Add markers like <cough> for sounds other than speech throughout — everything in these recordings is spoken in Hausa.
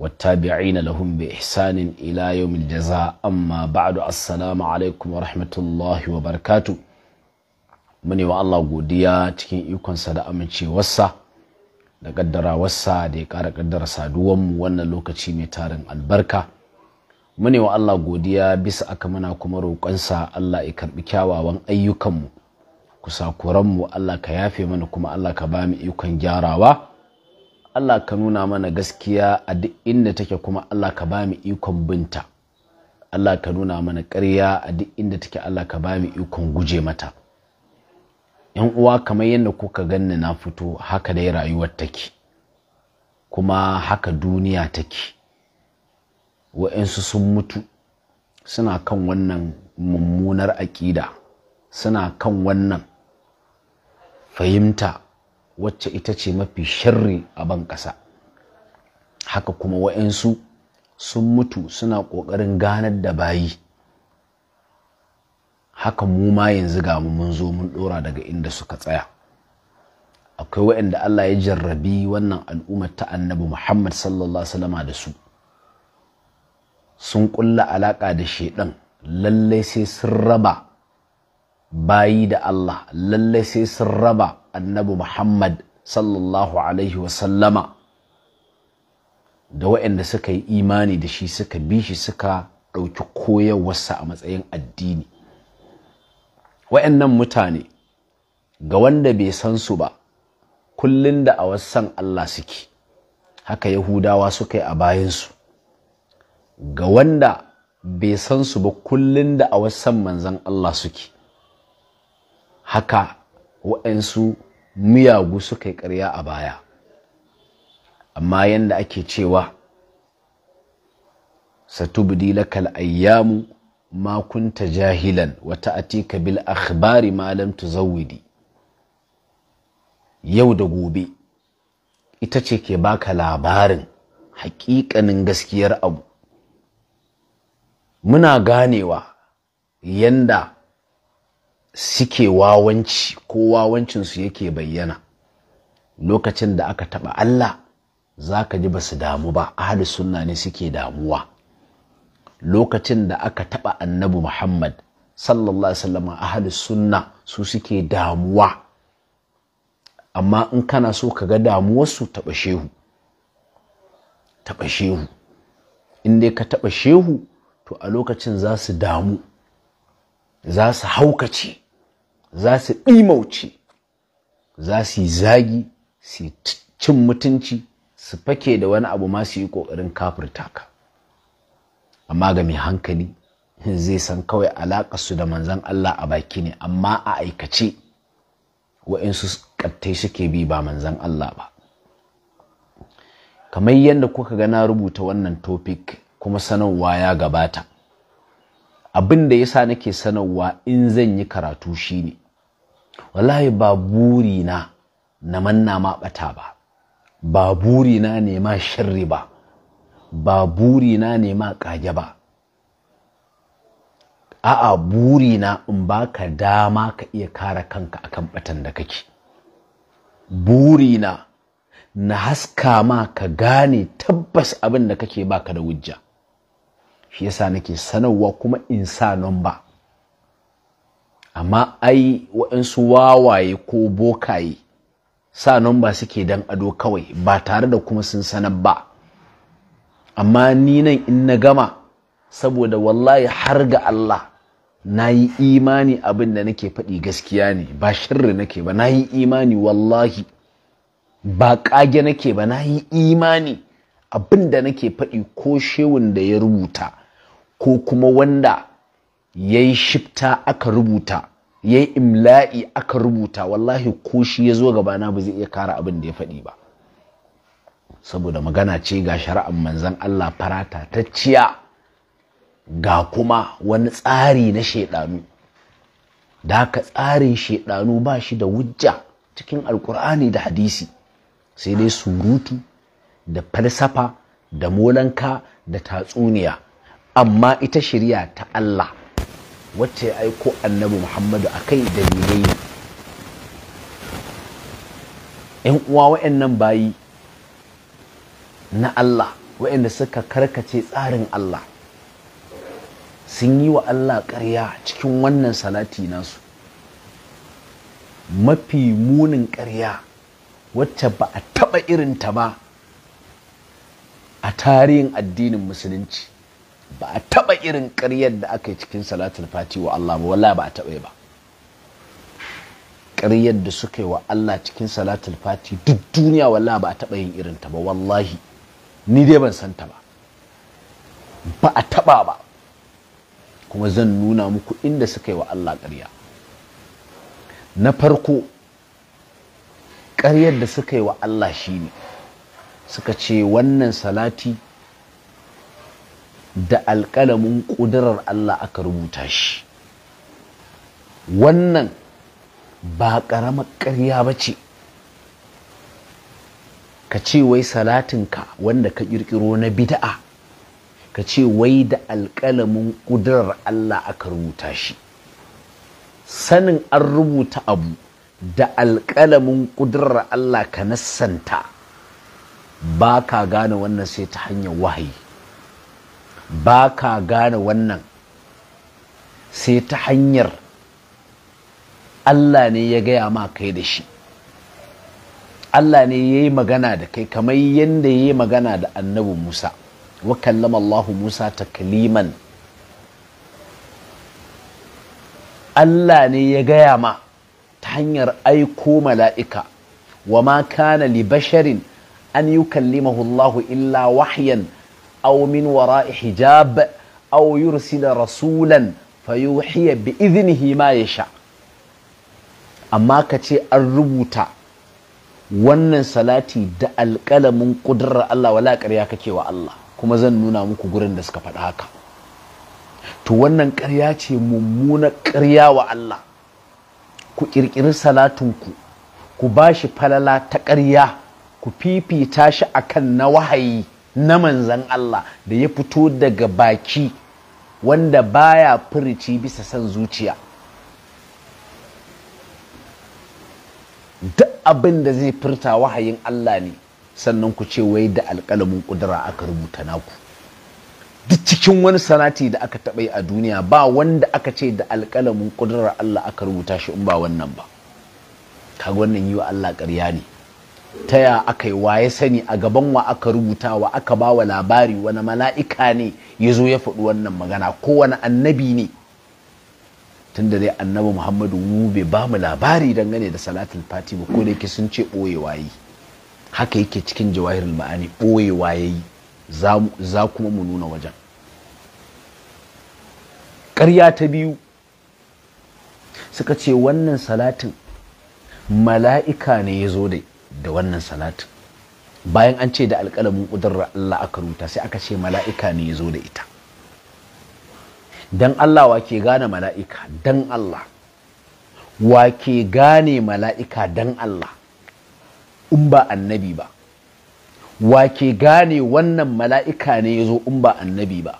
والتابعين لهم بإحسان إلى يوم الجزاء أما بعد السلام عليكم ورحمة الله وبركاته muni wa Allah godiya cikin ikonsa da amincewarsa da ƙaddarawarsa da ya ƙara kaddara saduwanmu wannan lokaci mai tarin albarka muni wa Allah godiya bisa aka muna kuma roƙonsa Allah ya karɓi kyawawan ayyukanmu kusakuranmu Allah ka yafe mana kuma Allah ka ba mu ikon gyarawa Allah ka nuna mana gaskiya a duk inda take kuma Allah ka ba mu ikon binta Allah ka nuna mana ƙarya a duk inda take Allah ka ba mu ikon guje mata yan uwa kamar yadda kuka ganni na fito haka dai rayuwar take kuma haka duniya take wa'insu sun mutu suna kan wannan mummunar aƙida suna kan wannan fahimta wacce ita ce mafi sharri a ban ƙasa haka kuma wa'yansu sun mutu suna ƙoƙarin ganar da bayi haka mu ma yanzu ga mu mun zo mun ɗora daga inda suka tsaya akwai waɗanda Allah ya jarrabi wannan al'ummar ta annabi Muhammad sallallahu alaihi da su sun ƙulla alaƙa da shaiɗan lallai sai sun raba bayi da Allah lallai sai sun raba annabi Muhammad sallallahu alaihi wasallama da waɗanda suka yi imani da shi suka bi shi suka ɗauki koyarwarsa a matsayin addini waɗannan mutane ga wanda bai san su ba kullum da a wasan Allah suke haka yahudawa suka yi a bayansu ga wanda bai san su ba kullum da a wasan manzan Allah suke haka waɗansu miyagu suka yi ƙarya a baya amma yadda ake cewa satubdi lakal ayyamu ma kunta jahilan wata ta'atika bil akhbari Malam lam tuzawwidi yau da gobe ita ce ke baka labarin hakikanin gaskiyar abu muna ganewa yanda suke wawanci ko wawancinsu yake bayyana lokacin da aka taɓa Allah za ka ji ba su damu ba ahli sunna ne suke damuwa lokacin da aka taɓa annabi Muhammad sallallahu alaihi ahli sunna su suke damuwa amma in kana so ka ga damuwarsu taɓa shehu taɓa shehu in dai ka taɓa shehu to a lokacin za su damu za su haukace za su ɗimauce za su yi zagi su yi cin mutunci su fake da wani abu ma su yi ƙoƙarin kafirta ka amma ga mai hankali zai san kawai alaƙa su da manzan Allah a baki ne amma a aikace wa'insu ƙattai suke bi ba manzan Allah ba kamar yadda kuka ga na rubuta wannan topic kuma sanarwa ya gabata abin da sa nake sanarwa in zan yi karatu shine wallahi ba buri na na manna ma bata ba ba buri na ne ma shirri ba ba buri na ne ma kage ba a'a buri na in baka dama ka iya kare kanka akan batan da kake buri na na haska ma ka gane tabbas abin da kake baka da wujja shi yasa nake sanarwa kuma in sa nan ba amma ai waɗansu wawaye ko bokaye sa nan ba suke dan ado kawai ba tare da kuma sun sanar ba amma ni nan in na gama saboda wallahi har ga Allah na yi imani abin da nake faɗi gaskiya ne ba shirri nake ba na yi imani wallahi ba ƙage nake ba na yi imani abin da nake faɗi ko shewun da ya rubuta ko kuma wanda ya yi shifta aka rubuta ya yi imla'i aka rubuta wallahi ko shi ya zo gabana ba zai iya kara abin da ya faɗi ba saboda magana ce ga shari'ar manzan Allah farata ta ciya ga kuma wani tsari na shaiɗanu. da haka tsarin shaiɗanu ba shi da wujja cikin alkur'ani da hadisi sai dai surutu da falsafa da molanka da tatsuniya amma ita shirya ta Allah wacce ya aiko annabi muhammadu a kai dalilai yan uwa nan bayi na allah wayanda suka karkace tsarin allah sun yi wa allah ƙarya cikin wannan salati nasu mafi munin ƙarya wacce ba a taɓa irinta ba a tarihin addinin musulunci ba a taɓa irin ƙaryar da aka yi cikin salatul fati wa Allah ba wallahi ba a taɓa ba ƙaryar da suka yi wa Allah cikin salatul fati duk duniya wallahi ba a taɓa yin irin ta ba wallahi ni dai ban san ta ba ba a taɓa ba kuma zan nuna muku inda suka yi wa Allah ƙarya na farko ƙaryar da suka yi wa Allah shine suka ce wannan salati da alƙalamin ƙudurar Allah aka rubuta shi wannan ba ƙaramar ƙarya ba ce ka ce wai salatinka wanda ka ƙirƙiro na bida'a ka ce wai da alƙalamin ƙudurar Allah aka rubuta shi sanin an rubuta abu da alƙalamin ƙudurar Allah ka nassanta ba ka gane wannan sai ta hanyar wahayi ba ka gane wannan sai ta hanyar Allah ne ya gaya ma kai da shi Allah ne ya yi magana da kai kamar yadda ya yi magana da annabi Musa wa kallama Allah Musa kaliman. Allah ne ya gaya ma ta hanyar aiko mala'ika wa ma kana li basharin an yi kallimahu Allah illa wahyan aw min wara'i hijab aw yursila rasulan fayuhiya bi hima ya sha. amma ka ce an rubuta wannan salati da alƙalamin ƙudurar Allah wala ƙarya kake wa Allah kuma zan nuna muku gurin da suka faɗa haka to wannan ƙarya ce mummuna ƙarya wa Allah ku ƙirƙiri salatunku ku ba shi falala ta ƙarya ku fifita shi akan na wahayi na manzan Allah da ya fito daga baki wanda baya furici bisa san zuciya duk abin da zai furta wahayin Allah ne sannan ku ce wai da alƙalamin ƙudura aka rubuta naku duk cikin wani sanati da aka taɓa yi a duniya ba wanda aka ce da alƙalamin ƙudurar Allah aka rubuta shi in ba wannan ba kaga wannan yi wa Allah ƙarya ne ta ya aka yi wa ya sani a gaban wa aka rubuta wa aka ba wa labari wani mala'ika ne ya zo ya faɗi wannan magana ko wani annabi ne tunda dai annabi muhammadu mu bai ba mu labari dangane da salatul fati ba ko da yake sun ce ɓoye waye haka yake cikin jawahir ma'ani ɓoye ya za kuma mu nuna wajen ƙarya ta biyu suka ce wannan salatin mala'ika ne ya zo dai da wannan salatin bayan an ce da alƙalamin ƙudurra Allah aka rubuta sai aka ce mala'ika ne ya zo da ita dan Allah wa ke gane mala'ika dan Allah wa ke gane mala'ika dan Allah in ba annabi ba wa ke gane wannan mala'ika ne ya zo in ba annabi ba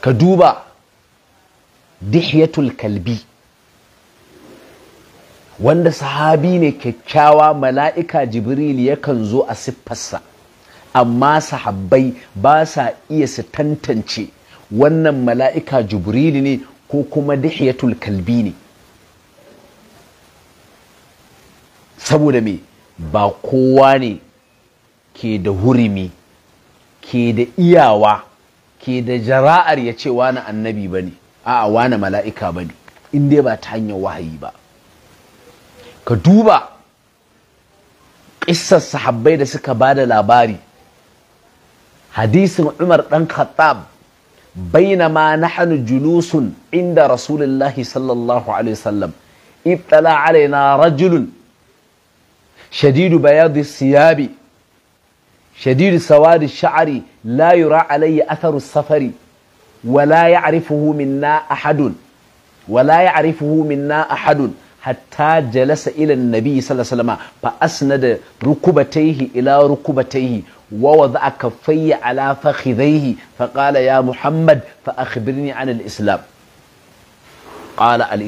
ka duba dihiyatul kalbi wanda sahabi ne kyakkyawa mala'ika jibril yakan zo a siffarsa amma sahabbai ba sa iya su tantance wannan mala'ika jibril ne ko kuma dihiyatul kalbi ne saboda me ba kowa ne ke da hurimi ke da iyawa ke da jara'ar ya ce wani annabi ba ne a'a wani mala'ika ba ne in dai ba ta hanyar wahayi ba ka duba ƙissar sahabbai da suka ba da labari hadisin umar ɗan khattab bainama nahnu julusun inda rasulullahi sallallahu alaihi wasallam ittala alaina rajulun shadidu bayadi siyabi shadidu sawadi sha'ari la yura alayya atharu safari wala ya'rifuhu minna ahadun wala ya'rifuhu ahadun hatta jalasa ila nabi sallallahu alaihi wasallam fa asnada rukubatayhi ila rukubatayhi wa wada kaffayya ala fakhidayhi fa qala ya muhammad fa akhbirni an al islam qala al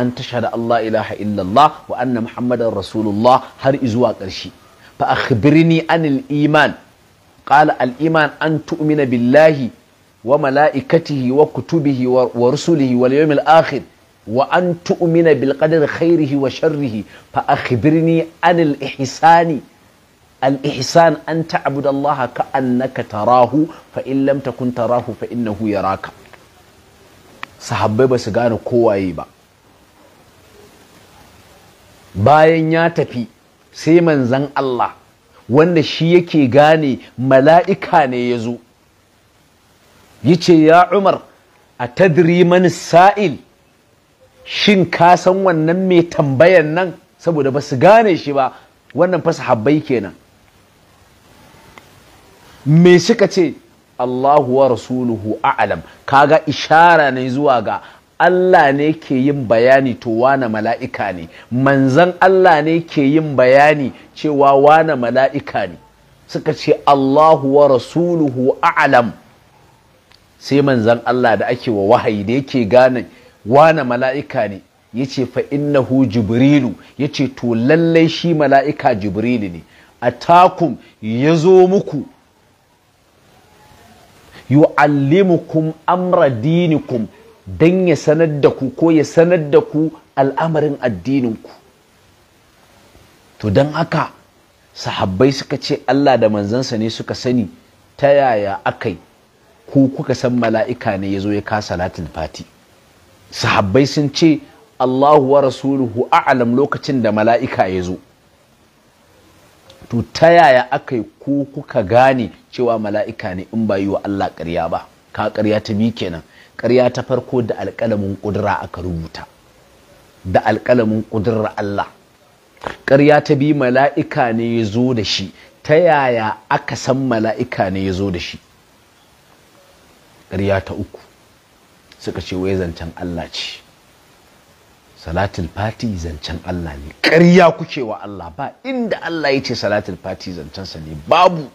an tashhada allah ilaha allah wa anna muhammadar rasulullah har izuwa ƙarshe. fa akhbirni an al iman qala al iman an tu'mina billahi wa malaikatihi wa kutubihi wa rusulihi wal yawmil akhir wa an tu'mina bil qadari khairihi wa sharrihi fa akhbirni an al ihsani al ihsan an ta'budu Allah ka annaka tarahu fa in lam takun tarahu fa innahu yaraka sahabbai ba su gane kowaye ba bayan ya tafi sai manzan Allah wanda shi yake gane mala'ika ne ya zo yace ya Umar a tadri man sa'il shin ka san wannan mai tambayan nan saboda ba su gane shi ba wannan fasa sahabbai kenan me suka ce Allahu wa rasuluhu a'lam kaga ishara ne zuwa ga Allah ne ke yin bayani to wane mala'ika ne manzan Allah ne ke yin bayani cewa wane mala'ika ne suka ce Allahu wa rasuluhu a'lam sai manzan Allah da ake wa wahayi da yake gane wane mala'ika ne ya ce fa hu jibrilu ya ce to lallai shi mala'ika jibrilu ne a takum ya zo muku yu'allimukum amra dinikum don ya sanar da ku ko ya sanar da ku al'amarin addininku to don haka sahabbai suka ce Allah da manzansa ne suka sani ta yaya akai ku kuka san mala'ika ne ya zo ya kasa latin fati sahabbai sun ce Allahu wa rasuluhu a'lam lokacin da mala'ika ya zo to ta yaya aka yi ku kuka gane cewa mala'ika ne in ba yi wa Allah ƙarya ba ka ƙarya ta bi kenan ƙarya ta farko da alƙalamin ƙudura aka rubuta da alƙalamin ƙudura Allah ƙarya ta bi mala'ika ne ya zo da shi ta yaya aka san mala'ika ne ya zo da shi ƙarya ta uku suka ce wai zancen Allah ce salatul fati zancen Allah ne ƙarya kuke wa Allah ba inda Allah ya ce salatul fati zancensa ne babu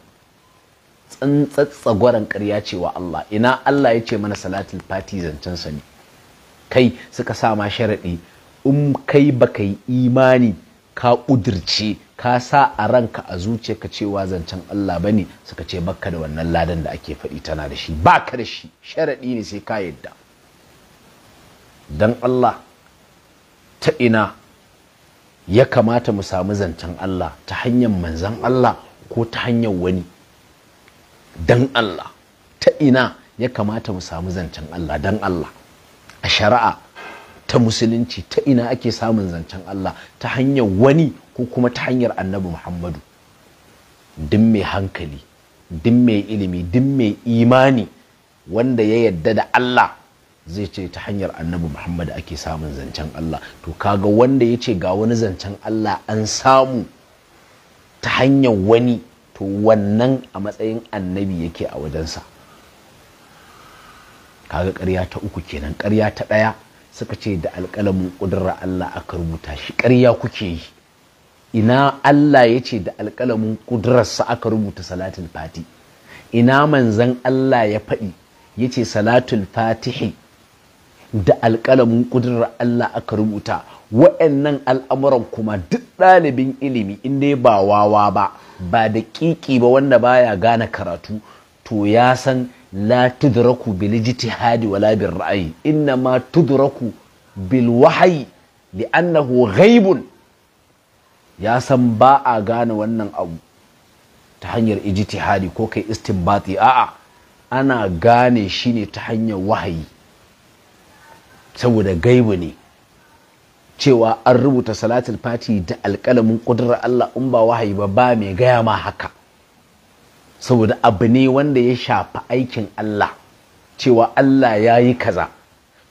tsantsatsagwaran ƙarya ce wa Allah ina Allah ya ce mana salatul fati zancen sa ne kai suka sa ma sharaɗi in kai baka yi imani ka ƙudirce ka sa a ranka a zuce zuciyarka cewa zancen Allah bane ne suka ce bakka da wannan ladan da ake faɗi tana da shi Ba ka da shi sharaɗi ne sai ka yadda Dan Allah ta ina ya kamata mu samu zancen Allah ta hanyar manzan Allah ko ta hanyar wani don Allah ta ina ya kamata mu samu zancen Allah Dan Allah a shari'a ta musulunci ta ina ake samun zancen Allah ta hanyar wani ko kuma ta hanyar annabi Muhammadu duk mai hankali duk mai ilimi duk mai imani wanda ya yadda da Allah zai ce ta hanyar annabi muhammad ake samun zancen allah to kaga wanda ya ce ga wani zancen allah an samu ta hanyar wani to wannan a matsayin annabi yake a wajensa kaga ƙarya ta uku kenan ƙarya ta ɗaya suka ce da alkalamin ƙudurar allah aka rubuta shi karya kuke yi ina allah ya ce da alƙalamin ƙudurarsa aka rubuta salatul fati ina manzan allah ya faɗi ya ce salatul fatihi da alƙalamin ƙudurar Allah aka rubuta wa'annan al'amuran kuma duk ɗalibin ilimi In inda ba wawa ba ba da ƙiƙi ba wanda baya gane karatu to ya san la tudraku bil ijtihadi wala bil ra'ayi inna ma tudraku bil wahyi li'annahu ghaibun ya san ba a gane wannan abu ta hanyar ijtihadi ko kai istinbati a'a ana gane shi ne ta hanyar wahayi saboda gaibu ne cewa an rubuta salatul fati da alkalamin ƙudurar Allah in ba wahayi ba ba mai gaya ma haka saboda abu ne wanda ya shafi aikin Allah cewa Allah ya yi kaza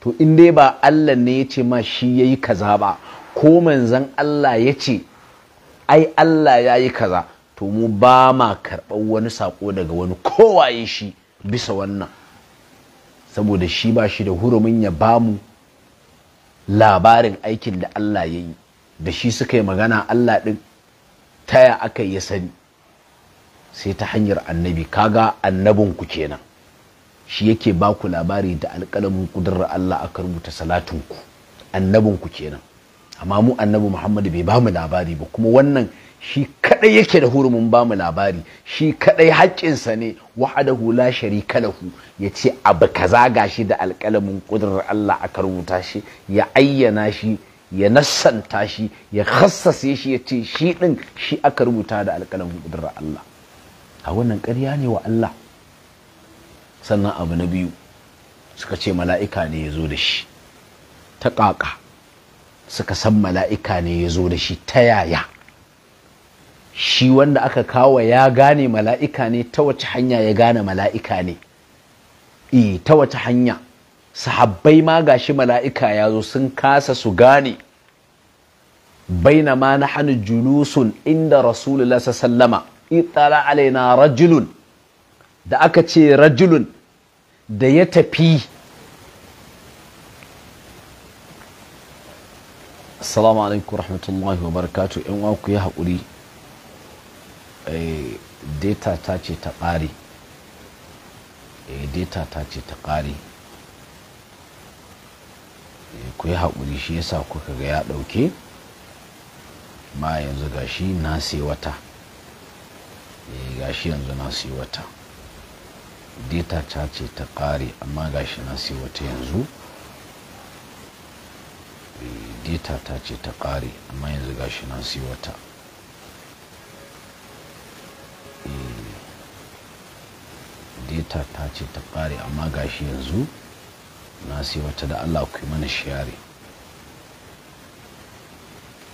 to in dai ba Allah ne ya ce ma shi ya yi kaza ba ko manzan Allah ya ce ai Allah ya yi kaza to mu ba ma karɓar wani saƙo daga wani kowaye shi bisa wannan saboda shi ba shi da hurumin ya bamu mu labarin aikin da Allah ya yi da shi suka yi magana Allah ɗin taya aka ya sani sai ta hanyar annabi kaga annabin ku kenan shi yake ba ku labari da alƙalamin ƙudurar Allah aka rubuta annabin ku kenan amma mu annabi Muhammadu bai ba mu labari ba kuma wannan shi kadai yake da hurumin mu labari shi kadai haƙƙinsa ne wahadahu la sharika lahu ya ce abu kaza shi da alƙalamin ƙudurar Allah aka rubuta shi ya ayyana shi ya nassanta shi ya khassase shi ya ce shi ɗin shi aka rubuta da alƙalamin ƙudurar Allah a wannan ƙarya ne wa Allah sannan abu na biyu suka ce mala'ika ne ya zo da shi ta ƙaƙa suka san mala'ika ne ya zo da shi ta yaya shi wanda aka kawo ya gane mala'ika ne ta wace hanya ya gane mala'ika ne e ta wace hanya sahabbai ma gashi mala'ika ya zo sun kasa su gane baina ma na hanu julusun inda rasulullah sallama itala alaina rajulun da aka ce rajulun da ya tafi assalamu alaikum rahmatullahi wa barakatu yan ku yi haƙuri Eh, data ta ce ta ƙare eh, data ta ce ta ƙare eh, ku yi haƙuri shi yasa kuka ga ya ɗauke ma yanzu gashi na sai wata gashi yanzu na sai wata data ta ce ta ƙare amma gashi na sai wata yanzu data ta ce ta ƙare amma yanzu gashi na sai wata Eh, data ta ce ta ƙare amma gashi yanzu na sai wata da allah ku yi mana share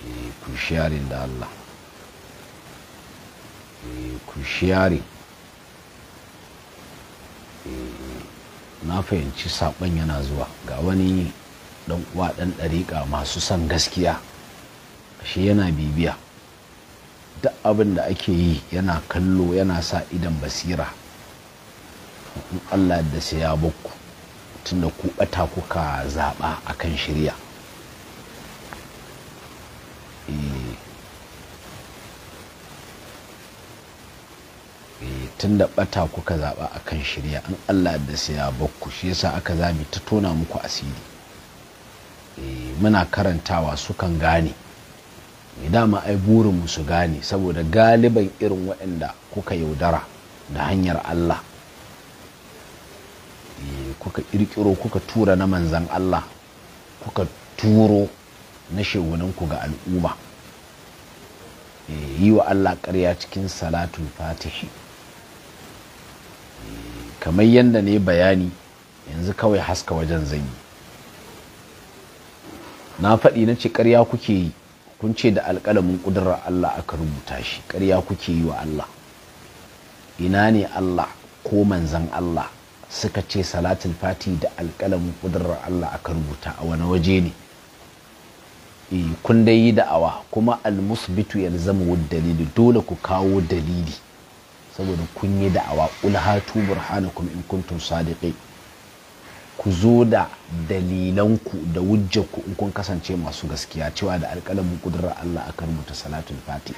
eh, ku sharing da allah eh, ku na fahimci saɓon yana zuwa ga wani ɗan uwa ɗan ɗariƙa masu son gaskiya shi yana bibiya duk abin da ake yi yana kallo yana sa idan basira in allah da sai ya bakku tunda ku bata kuka zaɓa a kan shirya eh. Eh, tunda bata kuka zaɓa a kan shirya in allah da sai ya bakku shi yasa aka zabi ta tona muku asiri eh, muna karantawa sukan gane Eh, dama ai burinmu su gane saboda galiban irin waɗanda kuka yaudara da hanyar Allah eh, kuka ƙirƙiro kuka tura na manzan Allah kuka turo na shegunanku ga al'umma eh, yi wa Allah ƙarya cikin salatun fatihi kamar yadda ne bayani yanzu kawai haska wajen zanyi na faɗi na ce ƙarya kuke yi kun ce da alkalamin ƙudurar Allah aka rubuta shi ƙarya kuke yi wa Allah ina ne Allah ko manzan Allah suka ce salatul fati da alkalamin ƙudurar Allah aka rubuta a wani waje ne eh, kun dai yi awa, kuma almusbitu ya zama wa dalili dole ku kawo dalili saboda kun yi da'awa ulhatu burhanakum in kuntum sadiqai ku zo da dalilanku da ku in kun kasance masu gaskiya cewa da alƙalamin kudurar Allah a karmu ta salatul fati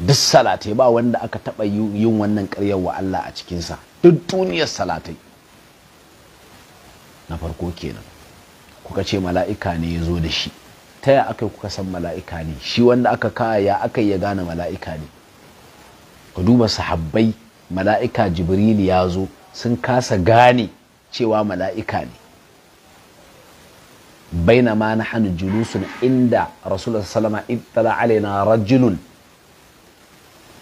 duk salatai ba wanda aka taɓa yin wannan karyar wa Allah a cikinsa duk duniyar salatai na farko kenan kuka ce mala'ika ne ya zo da shi ta ya aka kuka san mala'ika ne shi wanda aka kaya ya aka ya gane mala'ika ne ka duba sahabbai mala'ika jibril ya zo sun kasa gane cewa mala'ika ne baina ma na hannu julusun inda rasulullah sallama ittala alaina rajulun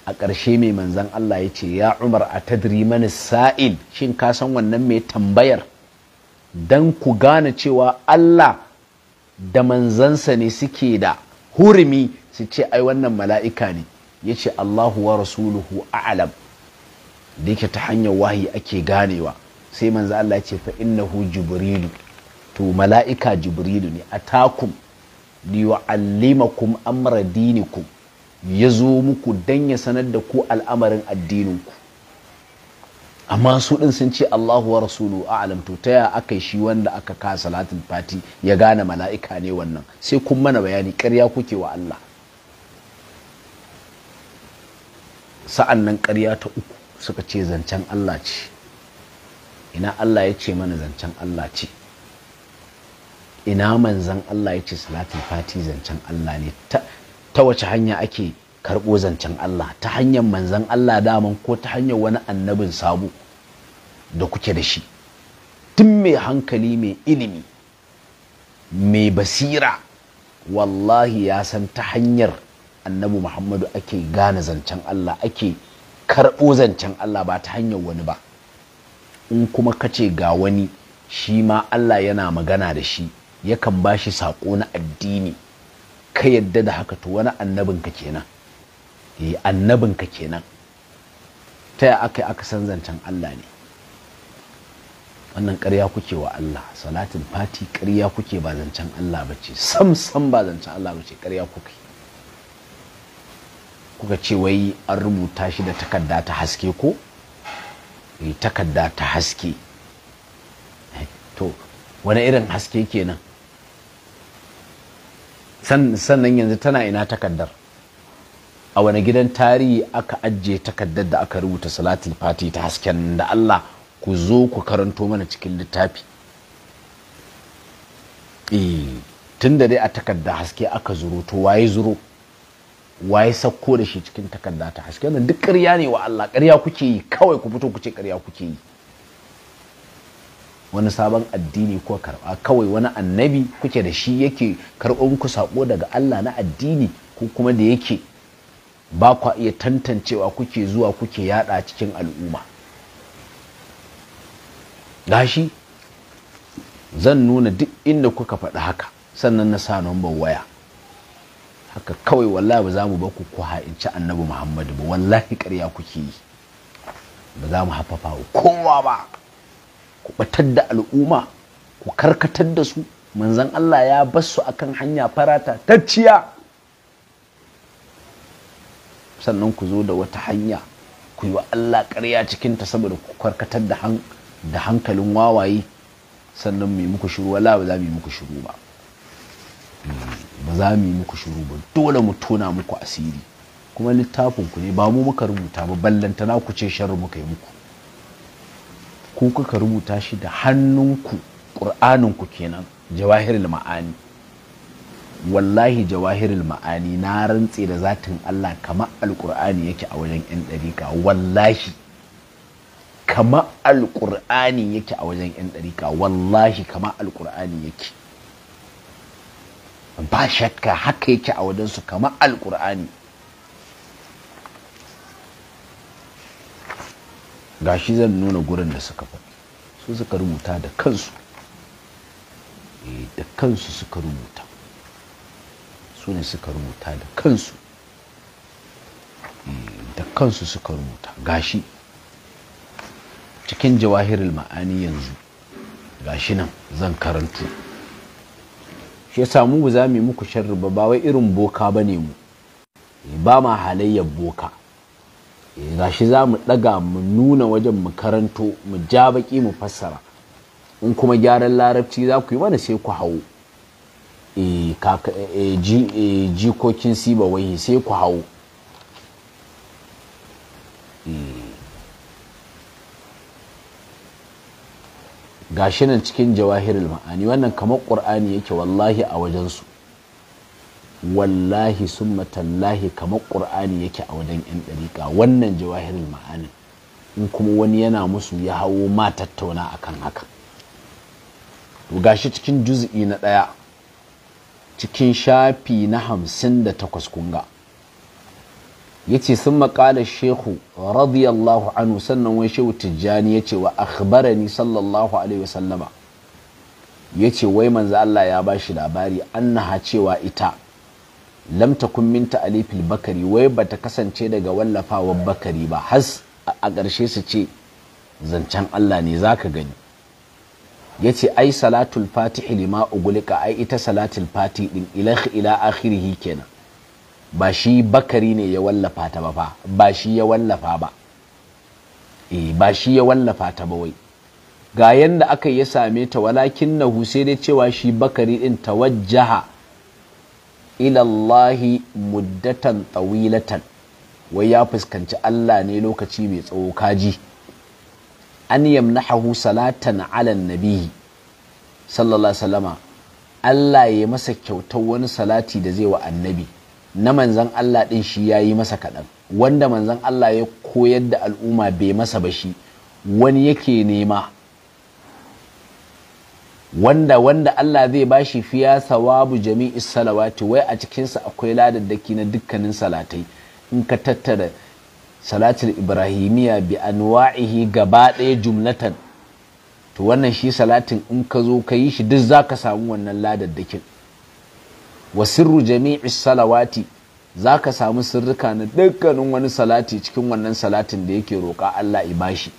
a ƙarshe mai manzan Allah ya ce ya umar a tadri mani sa'il shin ka san wannan mai tambayar don ku gane cewa Allah da manzansa ne suke da hurumi su ce ai wannan mala'ika ne ya ce Allahu wa rasuluhu a'alam da yake ta hanyar wahi ake ganewa sai manzo Allah ce fa innahu jibrilu to mala'ika jibrilu ne atakum liyu'allimakum amra dinikum ya zo muku dan ya sanar da ku al'amarin addininku amma su din sun ce Allahu wa rasulu a'lam to taya aka shi wanda aka ka Salatin fati ya gane mala'ika ne wannan sai kun mana bayani karya kuke wa Allah sa'an nan ƙarya ta uku suka ce zancen Allah ce ina Allah ya ce mana zancen Allah ce ina manzan Allah ya ce salatul fati zancen Allah ne ta wace hanya ake karɓo zancen Allah ta hanyar manzan Allah daman ko ta hanyar wani annabin sabo da kuke da shi tun mai hankali mai ilimi mai basira wallahi ya san ta hanyar annabi Muhammadu ake gane zancen Allah ake karɓo zancen Allah ba ta hanyar wani ba in kuma ka ce ga wani shi ma Allah yana magana da shi yakan ba shi saƙo na addini ka yadda da haka to wani annabinka kenan yi eh, annabinka kenan ta ya aka yi aka san zancen Allah ne wannan ƙarya kuke wa Allah salatin fati ƙarya kuke ba zancen Allah ba ce sam sam ba zancen Allah ba ce ƙarya kuke kuka ce wai an rubuta shi da takarda ta haske ko takarda ta haske to wani irin haske kenan sannan yanzu tana ina takardar a wani gidan tarihi aka ajiye takardar da aka rubuta salatul fati ta hasken da Allah ku zo ku karanto mana cikin littafi eh, tun da dai a takarda haske aka zuro to waye zuro waye sakko da shi cikin takarda ta haske wannan duk ƙarya ne wa Allah ƙarya kuke yi kawai ku fito ku ce ƙarya kuke yi wani sabon addini ko karɓa kawai wani annabi kuke da shi yake karɓo ku sako daga Allah na addini ko kuma da yake ba kwa iya tantancewa kuke zuwa kuke yada cikin al'umma gashi zan nuna duk inda kuka faɗi haka sannan na sa number waya haka kawai wallahi ba za mu ba ku ku ha'inci annabi muhammadu ba wallahi ƙarya kuke yi ba za mu wa kowa ba ku batar da al'umma ku karkatar da su manzan allah ya bar su akan hanya farata tacciya sannan ku zo da wata hanya ku yi wa allah ƙarya cikinta saboda ku karkatar da hankalin wawaye sannan mu muku shuru wala ba za mu yi muku shuru ba za mu yi muku shiru ba dole mu tona muku asiri kuma littafin ku ne ba mu muka rubuta ba ballanta na ku ce sharri muka yi muku ku kuka rubuta shi da hannunku ƙur'aninku kenan jawahir ma'ani wallahi Jawahirin ma'ani na rantse da zatin Allah kamar alƙur'ani yake a wajen 'yan ɗariƙa wallahi kamar alƙur'ani yake a wajen 'yan ɗariƙa wallahi kamar alƙur'ani yake ba shakka haka yake a wadansu kamar alkur'ani shi zan nuna gurin da suka faɗi su suka rubuta da kansu eh, da kansu suka rubuta su ne suka rubuta da kansu hmm, da kansu suka rubuta gashi cikin jawahirul ma'ani yanzu gashi nan zan karanta. shi yasa mu za mu yi muku sharri ba ba wai irin boka ba ne mu eh, ba ma halayyar boka eh, ga shi za mu ɗaga mu nuna wajen mu karanto mu ja baki mu fassara in kuma gyaran larabci za ku yi mana sai ku hau eh, jikokin siba wai sai ku hau gashi nan cikin jawahirul ma'ani wannan kamar ƙur'ani yake wallahi a wajensu wallahi summa tallahi kamar ƙur'ani yake a wajen 'yan ɗariƙa wannan jawahirul ma'ani in kuma wani yana musu ya hawo ma tattauna akan haka to gashi cikin juz'i na ɗaya cikin shafi na hamsin da takwas kunga ya ce sun maƙala shehu radiyallahu anhu sannan wai shehu tijjani ya ce wa akhbarani sallallahu alaihi wasallama ya ce wai manzo Allah ya ba shi labari naha cewa ita lam takun minta alifil bakari wai bata kasance daga wallafawar bakari ba has a ƙarshe su ce zancen Allah ne zaka gani ya ce ai salatul fatihi lima ugulika ai ita salatul fatihi din ila akhirihi kenan ba shi bakari ne ya wallafa ta ba ba shi ya wallafa ba e ba shi ya wallafa ta ba wai ga yanda aka ya same ta walakin na sai dai cewa shi bakari din tawajjaha ilallahi muddatan tsawilatan wai ya fuskanci Allah ne lokaci mai tsawo kaji an yamnahu salatan ala nabihi sallallahu alaihi wasallama Allah ya masa kyautar wani salati da zai wa annabi na manzan Allah ɗin shi ya yi masa kaɗan wanda manzan Allah ya koyar da al'umma bai masa ba shi wani yake nema wanda wanda Allah zai ba shi fiya sawabu jami'i salawati wai a cikinsa akwai ladaddaki na dukkanin salatai in ka tattara salatul ibrahimiya bi anwa'ihi gaba ɗaya jumlatan to wannan shi salatin in ka zo ka yi shi duk za ka samu wannan ladaddakin wa sirru jami'i salawati za ka samu sirrika na dukkanin wani salati cikin wannan salatin da yake roƙa Allah bashi.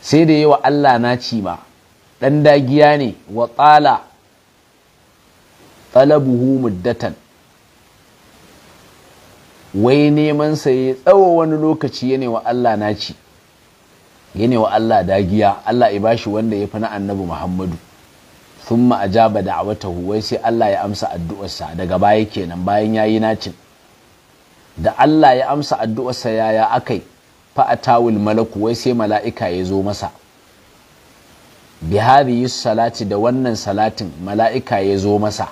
sai da yi wa Allah naci ba, ɗan dagiya ne wa tsala talabuhu muddatan wai neman sa tsawo wani lokaci ya wa Allah naci ya wa Allah dagiya Allah bashi wanda ya fi na annabi Muhammadu sun ma'ajaba da wata huwai sai Allah ya amsa addu'arsa daga baya kenan bayan ya yi nacin da Allah ya amsa addu'arsa yaya akai fa'atawul malaku wai sai mala'ika ya zo masa bi yi salati da wannan salatin mala'ika ya zo masa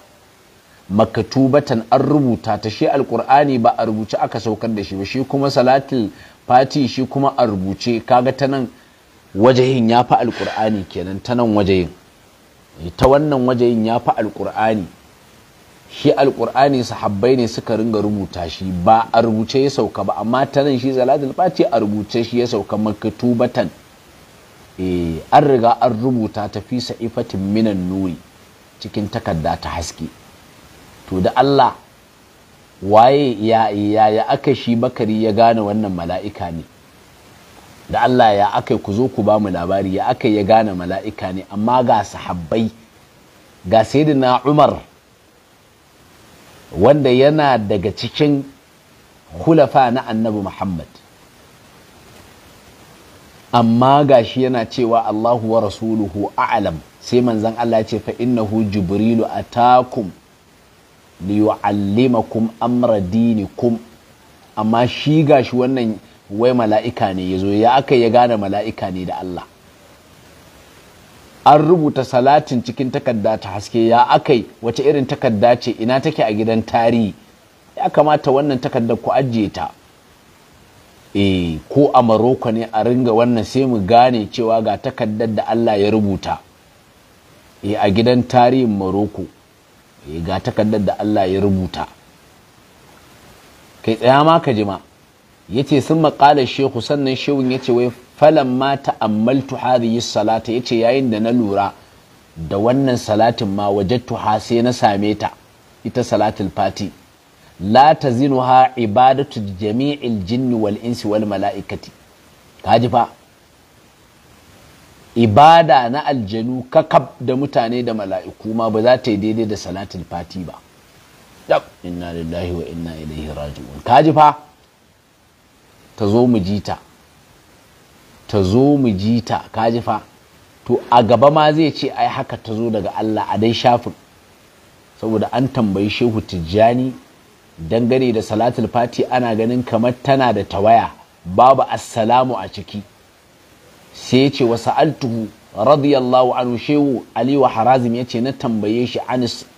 makatubatan an rubuta ta shi alkur'ani ba a rubuce aka saukar da shi ba shi kuma salatin fati shi kuma a rubuce kaga ta nan wajahin ya fi alkur'ani kenan ta nan wajahin ta wannan wajen ya fi alkur'ani shi alkur'ani sahabbai ne suka ringa rubuta shi ba a rubuce ya sauka ba amma ta nan shi zalatul ce a rubuce shi ya sauka batan eh, an riga an rubuta ta fi sa'ifatin minan nuri cikin takarda ta haske to da Allah waye ya ya aka shi bakari ya gane wannan mala'ika ne da Allah ya aka ku zo ku ba mu labari ya aka ya gane mala'ika ne amma ga sahabbai ga sayyidina Umar wanda yana daga cikin hulafa na annabi Muhammad amma ga shi yana cewa Allahu wa rasuluhu a'lam sai manzon Allah ya ce fa innahu jibrilu atakum liyu'allimakum amra dinikum amma shi gashi wannan wai mala'ika ne ya zo ya aka ya gane mala'ika ne da Allah an rubuta salatin cikin takarda ta haske ya akai wace irin takarda ce ina take a gidan tarihi ya kamata wannan takardar ku ajiye ta e ko a maroko ne a ringa wannan sai mu gane cewa ga takardar da Allah ya rubuta e a gidan tarihin maroko e eh, ga takardar da Allah ya rubuta kai tsaya ma ka jima yace sun maƙalar shehu sannan shehun yace wai falan ma ta'ammaltu hadhihi salata yace yayin da na lura da wannan salatin ma wajattu ha sai na same ta ita salatul fati la tazinuha ibadatu jami'il jinni wal insi wal mala'ikati kaji fa ibada na aljanu kakab da mutane da mala'iku ma ba za ta yi daidai da salatul fati ba inna lillahi wa inna ilaihi raji'un kaji fa ta zo mu ji ta ta zo mu ji ta kaji fa to a gaba ma zai ce ai haka ta zo daga Allah a dai shafin saboda an tambayi shehu tijjani dangane da salatul fati ana ganin kamar tana da tawaya babu assalamu a ciki sai ya ce wa altuhu radiyallahu anhu shehu Aliyu harazim ya ce na tambaye shi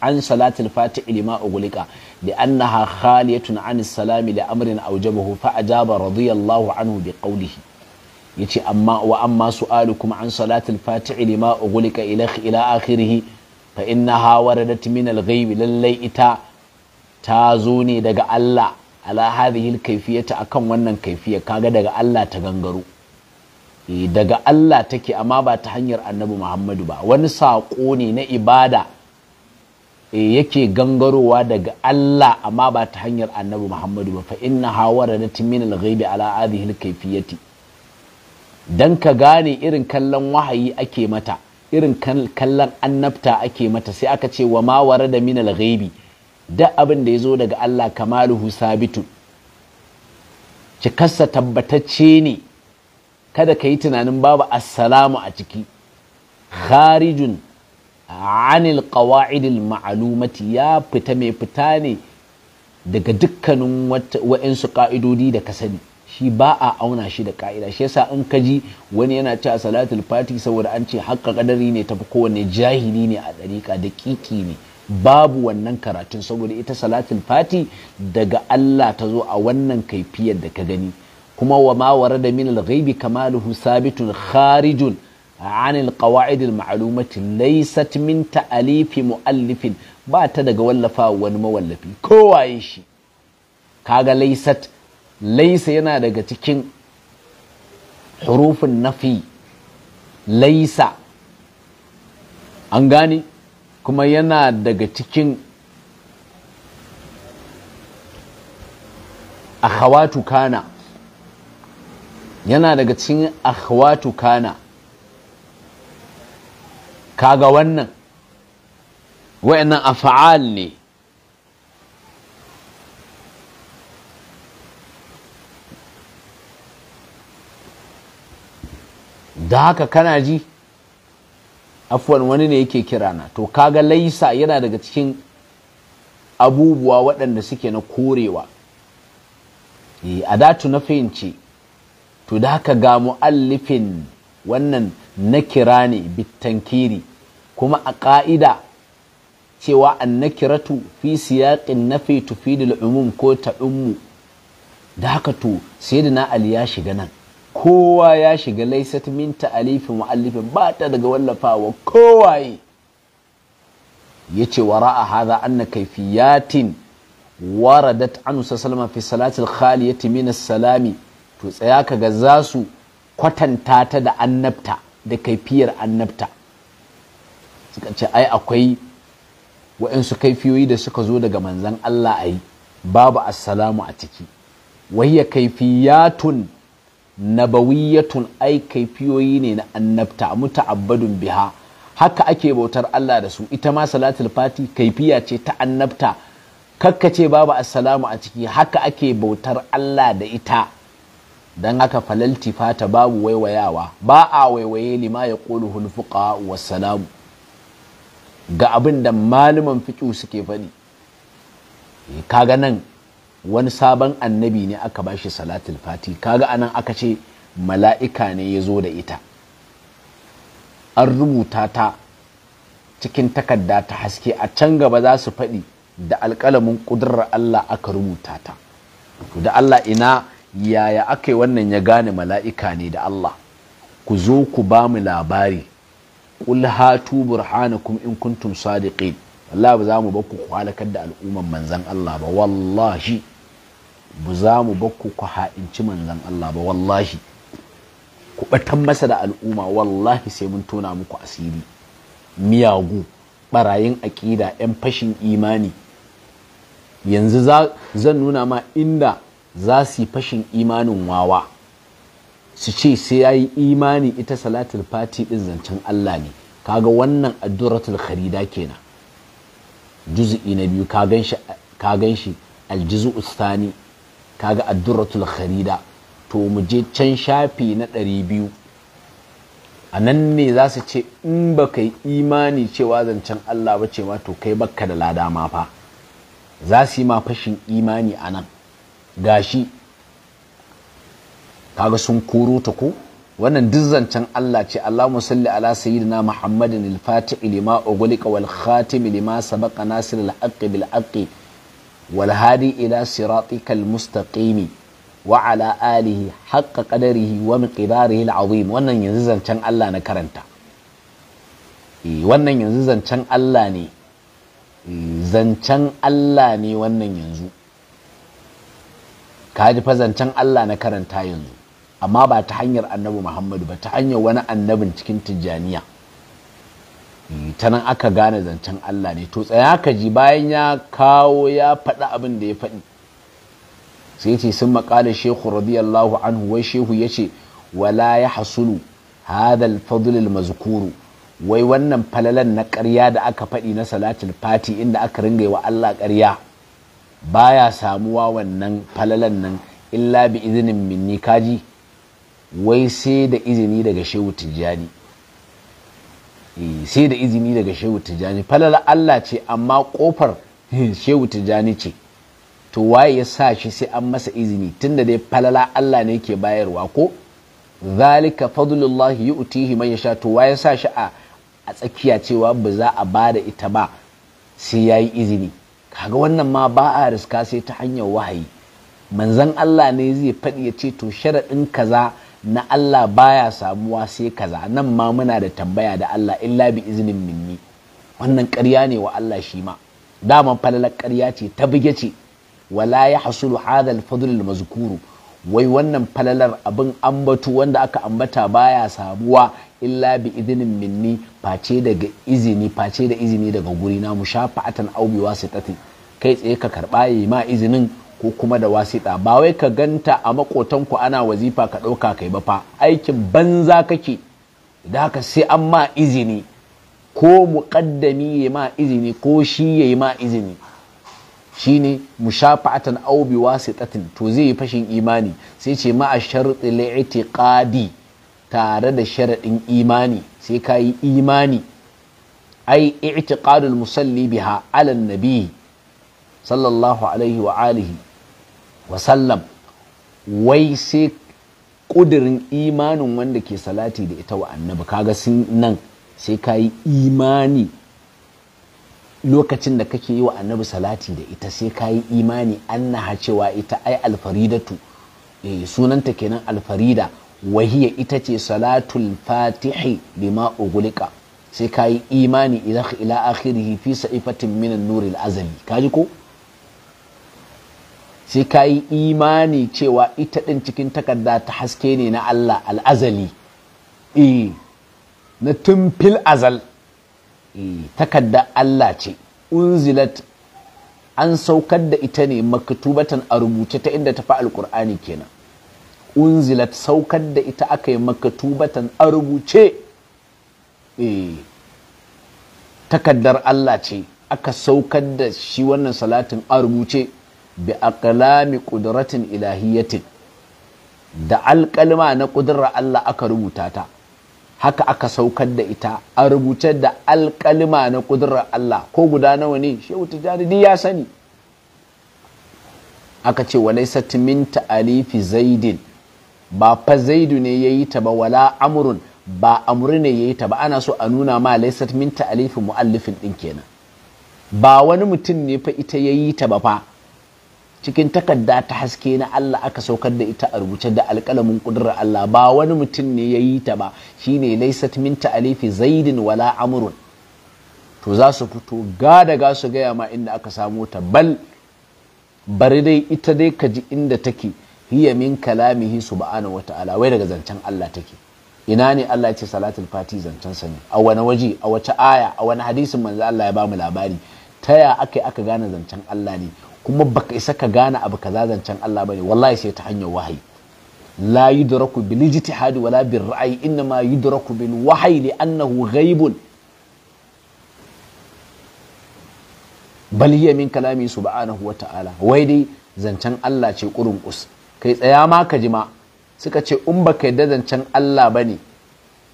an salatul fati ilima gulika لأنها خالية عن السلام لأمر أوجبه فأجاب رضي الله عنه بقوله يتي أما وأما سؤالكم عن صلاة الفاتح لما أغلق إلى إلى آخره فإنها وردت من الغيب للي إتا تازوني دقا الله على هذه الكيفية أكم ونن كيفية كاقا دقا الله تغنغرو daga Allah take amma ba ta hanyar annabi Muhammadu ba wani saƙo ne na ibada Eh, yake gangarowa daga Allah amma ba ta hanyar annabi Muhammadu ba fa inna hawara da timinal ghaibi ala adhihil kaifiyati dan ka gane irin kallon wahayi ake mata irin kallon annabta ake mata sai aka ce wa ma wara da minal ghaibi da abin da ya zo daga Allah kamaluhu sabitu cikarsa tabbatacce ne kada ka yi tunanin babu assalamu a ciki kharijun anil qawa'idil ma'alumati ya fita mai fita ne daga dukkanin wa'insu ka'idodi da ka sani shi ba a auna shi da ka'ida shi yasa in ka ji wani yana ci a salatul fati saboda an ce haƙƙa kadari ne tafi kowanne jahili ne a ɗariƙa da ƙiƙi ne babu wannan karatun saboda ita salatul fati daga Allah ta zo a wannan kaifiyar da ka gani kuma wa ma da min al-ghaibi kamaluhu sabitun kharijun عن القواعد المعلومة ليست من تأليف مؤلف ba ta daga wallafa wani mawallafi kowaye shi kaga laisat laisa yana daga cikin hurufin nafi laisa an gane kuma yana daga cikin akhawatu kana yana daga cikin akhawatu kana kaga wannan wa'annan afa'al ne da haka kana ji afuwan wani ne yake kirana to kaga laisa yana daga cikin abubuwa waɗanda suke na korewa eh, a datu na fahimci to da haka ga mu'allifin wannan nakira ne bitankiri kuma a ƙa'ida cewa kiratu fi siyaƙin nafi tufidul umum ko ta da haka to sai da ali ya shiga nan kowa ya shiga laisat Minta, Alifin, mu'allifin ba ta daga wallafawa kowaye ya ce wa ra'a hadha anna kaifiyatin waradat anhu sallallahu fi salatil khaliyati min salami to tsaya ka za su kwatanta ta da annabta da kaifiyar annabta suka ce ai akwai waɗansu kaifiyoyi da suka zo daga manzan Allah a babu assalamu a ciki wahiya kaifiyatun nabawiyatun ai kaifiyoyi ne na annabta muta Abadun biha haka ake bautar Allah da su ita ma salatul fati kaifiya ce ta annabta kakkace babu assalamu a ciki haka ake bautar Allah da ita dan haka falalti fata babu waiwayawa ba a waiwaye lima ya ƙoli hulfuka wa salamu. ga abin da malaman fiƙi suke faɗi eh, kaga nan wani sabon annabi ne aka bashi salatul fati kaga anan aka ce mala'ika ne ya zo da ita an rubuta ta cikin takarda ta haske a can gaba za su faɗi da alƙalamin ƙudurar Allah aka rubuta ta da Allah ina yaya aka yi wannan ya gane mala'ika ne da Allah ku zo ku ba mu labari ƙul hatu burhanakum in kuntum sadiqin wallahi ba za mu bakku ku halakar da al'umman manzan Allah ba wallahi ba za mu bakku ku ha'inci manzan Allah ba wallahi ku batan masa da al'umma wallahi sai mun tona muku asiri miyagu barayin aƙida 'yan fashin imani yanzu zan nuna ma inda za su yi fashin imanin wawa su ce sai ya yi imani ita salatul fati ɗin zancen Allah ne kaga wannan addu'ratul kharida kenan juz'i na biyu ka gan shi aljizu ustani kaga addu'ratul kharida to mu je can shafi na ɗari biyu a nan ne za su ce in ba ka yi imani cewa zancen Allah ba ce ma to kai bakka da lada ma fa za su yi ma fashin imani a nan gashi kaga sun koro ta ko wannan duk zancen Allah ce allah salli ala sayyidina Muhammadin al-Fatih lima ogulika wal khatim lima sabaqa nasir al-haqq bil haqqi wal hadi ila siratikal mustaqim wa ala alihi haqq qadarihi wa miqdarihi al-azim wannan yanzu zancen Allah na karanta eh, wannan yanzu zancan Allah ne eh, zancan Allah ne wannan yanzu ka ji fazancen Allah na karanta yanzu amma ba ta hanyar annabi Muhammadu ba ta hanyar wani annabin cikin tijjaniya eh, ta nan aka gane zancen Allah ne to tsaya ka ji bayan ya kawo ya faɗi abin da ya faɗi sai ce sun maƙala shehu radiyallahu anhu wai shehu ya ce wala ya hasulu hadal fadlil mazkuru wai wannan falalan na ƙarya da aka faɗi na salatul fati inda aka ringa wa Allah ƙarya baya samuwa wannan falalan nan illa bi izinin minni kaji wai sai da izini daga shehu tijjani eh, sai da izini daga shehu tijjani falala Allah ce amma kofar <laughs> shehu tijjani ce to waye ya sa shi sai an masa izini tunda dai falala Allah ne ke bayarwa ko zalika fadlullahi yu'tihi man yasha to waye ya sa shi a tsakiya cewa ba za a bada ita ba sai yayi izini kaga wannan ma ba a riska sai ta hanyar wahayi manzan Allah ne zai faɗi ya ce to sharaɗin kaza na Allah baya samuwa sai kaza nan ma muna da tambaya da Allah illa bi izinin minni wannan ƙarya ne wa Allah shi ma dama falalar ƙarya ce ta buge ce wala ya hasulu hadal fadlul mazkuru wai wannan falalar abin ambatu wanda aka ambata baya samuwa illa bi izinin minni face daga izini face da izini daga guri na mushafa'atan au aubi wasitati kai tsaye ka karba yi ma izinin ko kuma da wasita ba wai ka ganta a makotanku ana wazifa ka ɗauka kai ba fa aikin banza kake da haka sai an ma izini ko muƙaddami ya ma izini ko shi ya ma izini shine mushafa'atan aw bi wasitatin to zai yi fashin imani sai ce ma a sharti li'tiqadi tare da sharaɗin imani sai ka yi imani ai i'tiqadul musalli biha ala nabi sallallahu alaihi wa alihi wa sallam wai sai kudirin imanin wanda ke salati da ita wa annabi kaga sun nan sai ka yi imani lokacin da kake yi wa annabi salati da ita sai ka yi imani annaha cewa ita ai alfaridatu eh, sunanta kenan alfarida wahiya ita ce salatul fatihi bima ugulika sai ka yi imani ila akhirihi fi sa'ifatin nur al azali kaji ko sai ka yi imani cewa ita ɗin cikin takarda ta haske ne na Allah al'azali eh na tun azal takarda Allah ce unzilat an saukar da ita ne maktubatan a rubuce ta inda ta fi alkur'ani kenan unzilat saukar da ita aka yi maktubatan a rubuce eh, takaddar Allah ce aka saukar da shi wannan salatin a rubuce bi aqlami qudratin ilahiyatin da alkalma na ƙudurar Allah aka rubuta ta haka aka saukar da ita a rubuce da alkalima na kudurar Allah ko guda nawa ne shehu jaridi ya sani aka ce walaisat minta Alifi zaidin ba fa zaidu ne ya yi ta ba wala amrun ba amuri ne ya yi ta ba ana so a nuna ma laisat minta Alifi muallifin din kenan ba wani mutum ne fa ita ya yi ta ba fa cikin takarda ta haske na Allah aka saukar da ita a rubuce da alƙalamin ƙudurar Allah ba wani mutum ne ya yi ta ba shine laisat minta alifi zaidin wala amurun to za su fito ga daga su gaya ma inda aka samo ta bal bari dai ita dai ka ji inda take hiya min kalamihi subhanahu wata'ala wai daga zancen Allah take ina ne Allah ya ce salatul fati zancen sa ne a wani waje a wace aya a wani hadisin manzo Allah ya ba mu labari ta ya aka aka gane zancen Allah ne kuma baka isa ka gane abu kaza zancen Allah bane wallahi sai ta hanyar wahayi la yudraku bil ijtihad wala bil ra'yi inma yudraku bil wahyi li annahu ghaibun bal hiya min kalami subhanahu wa ta'ala wai dai zancen Allah ce kurun us kai tsaya ma ka jima suka ce in baka yadda zancen Allah bane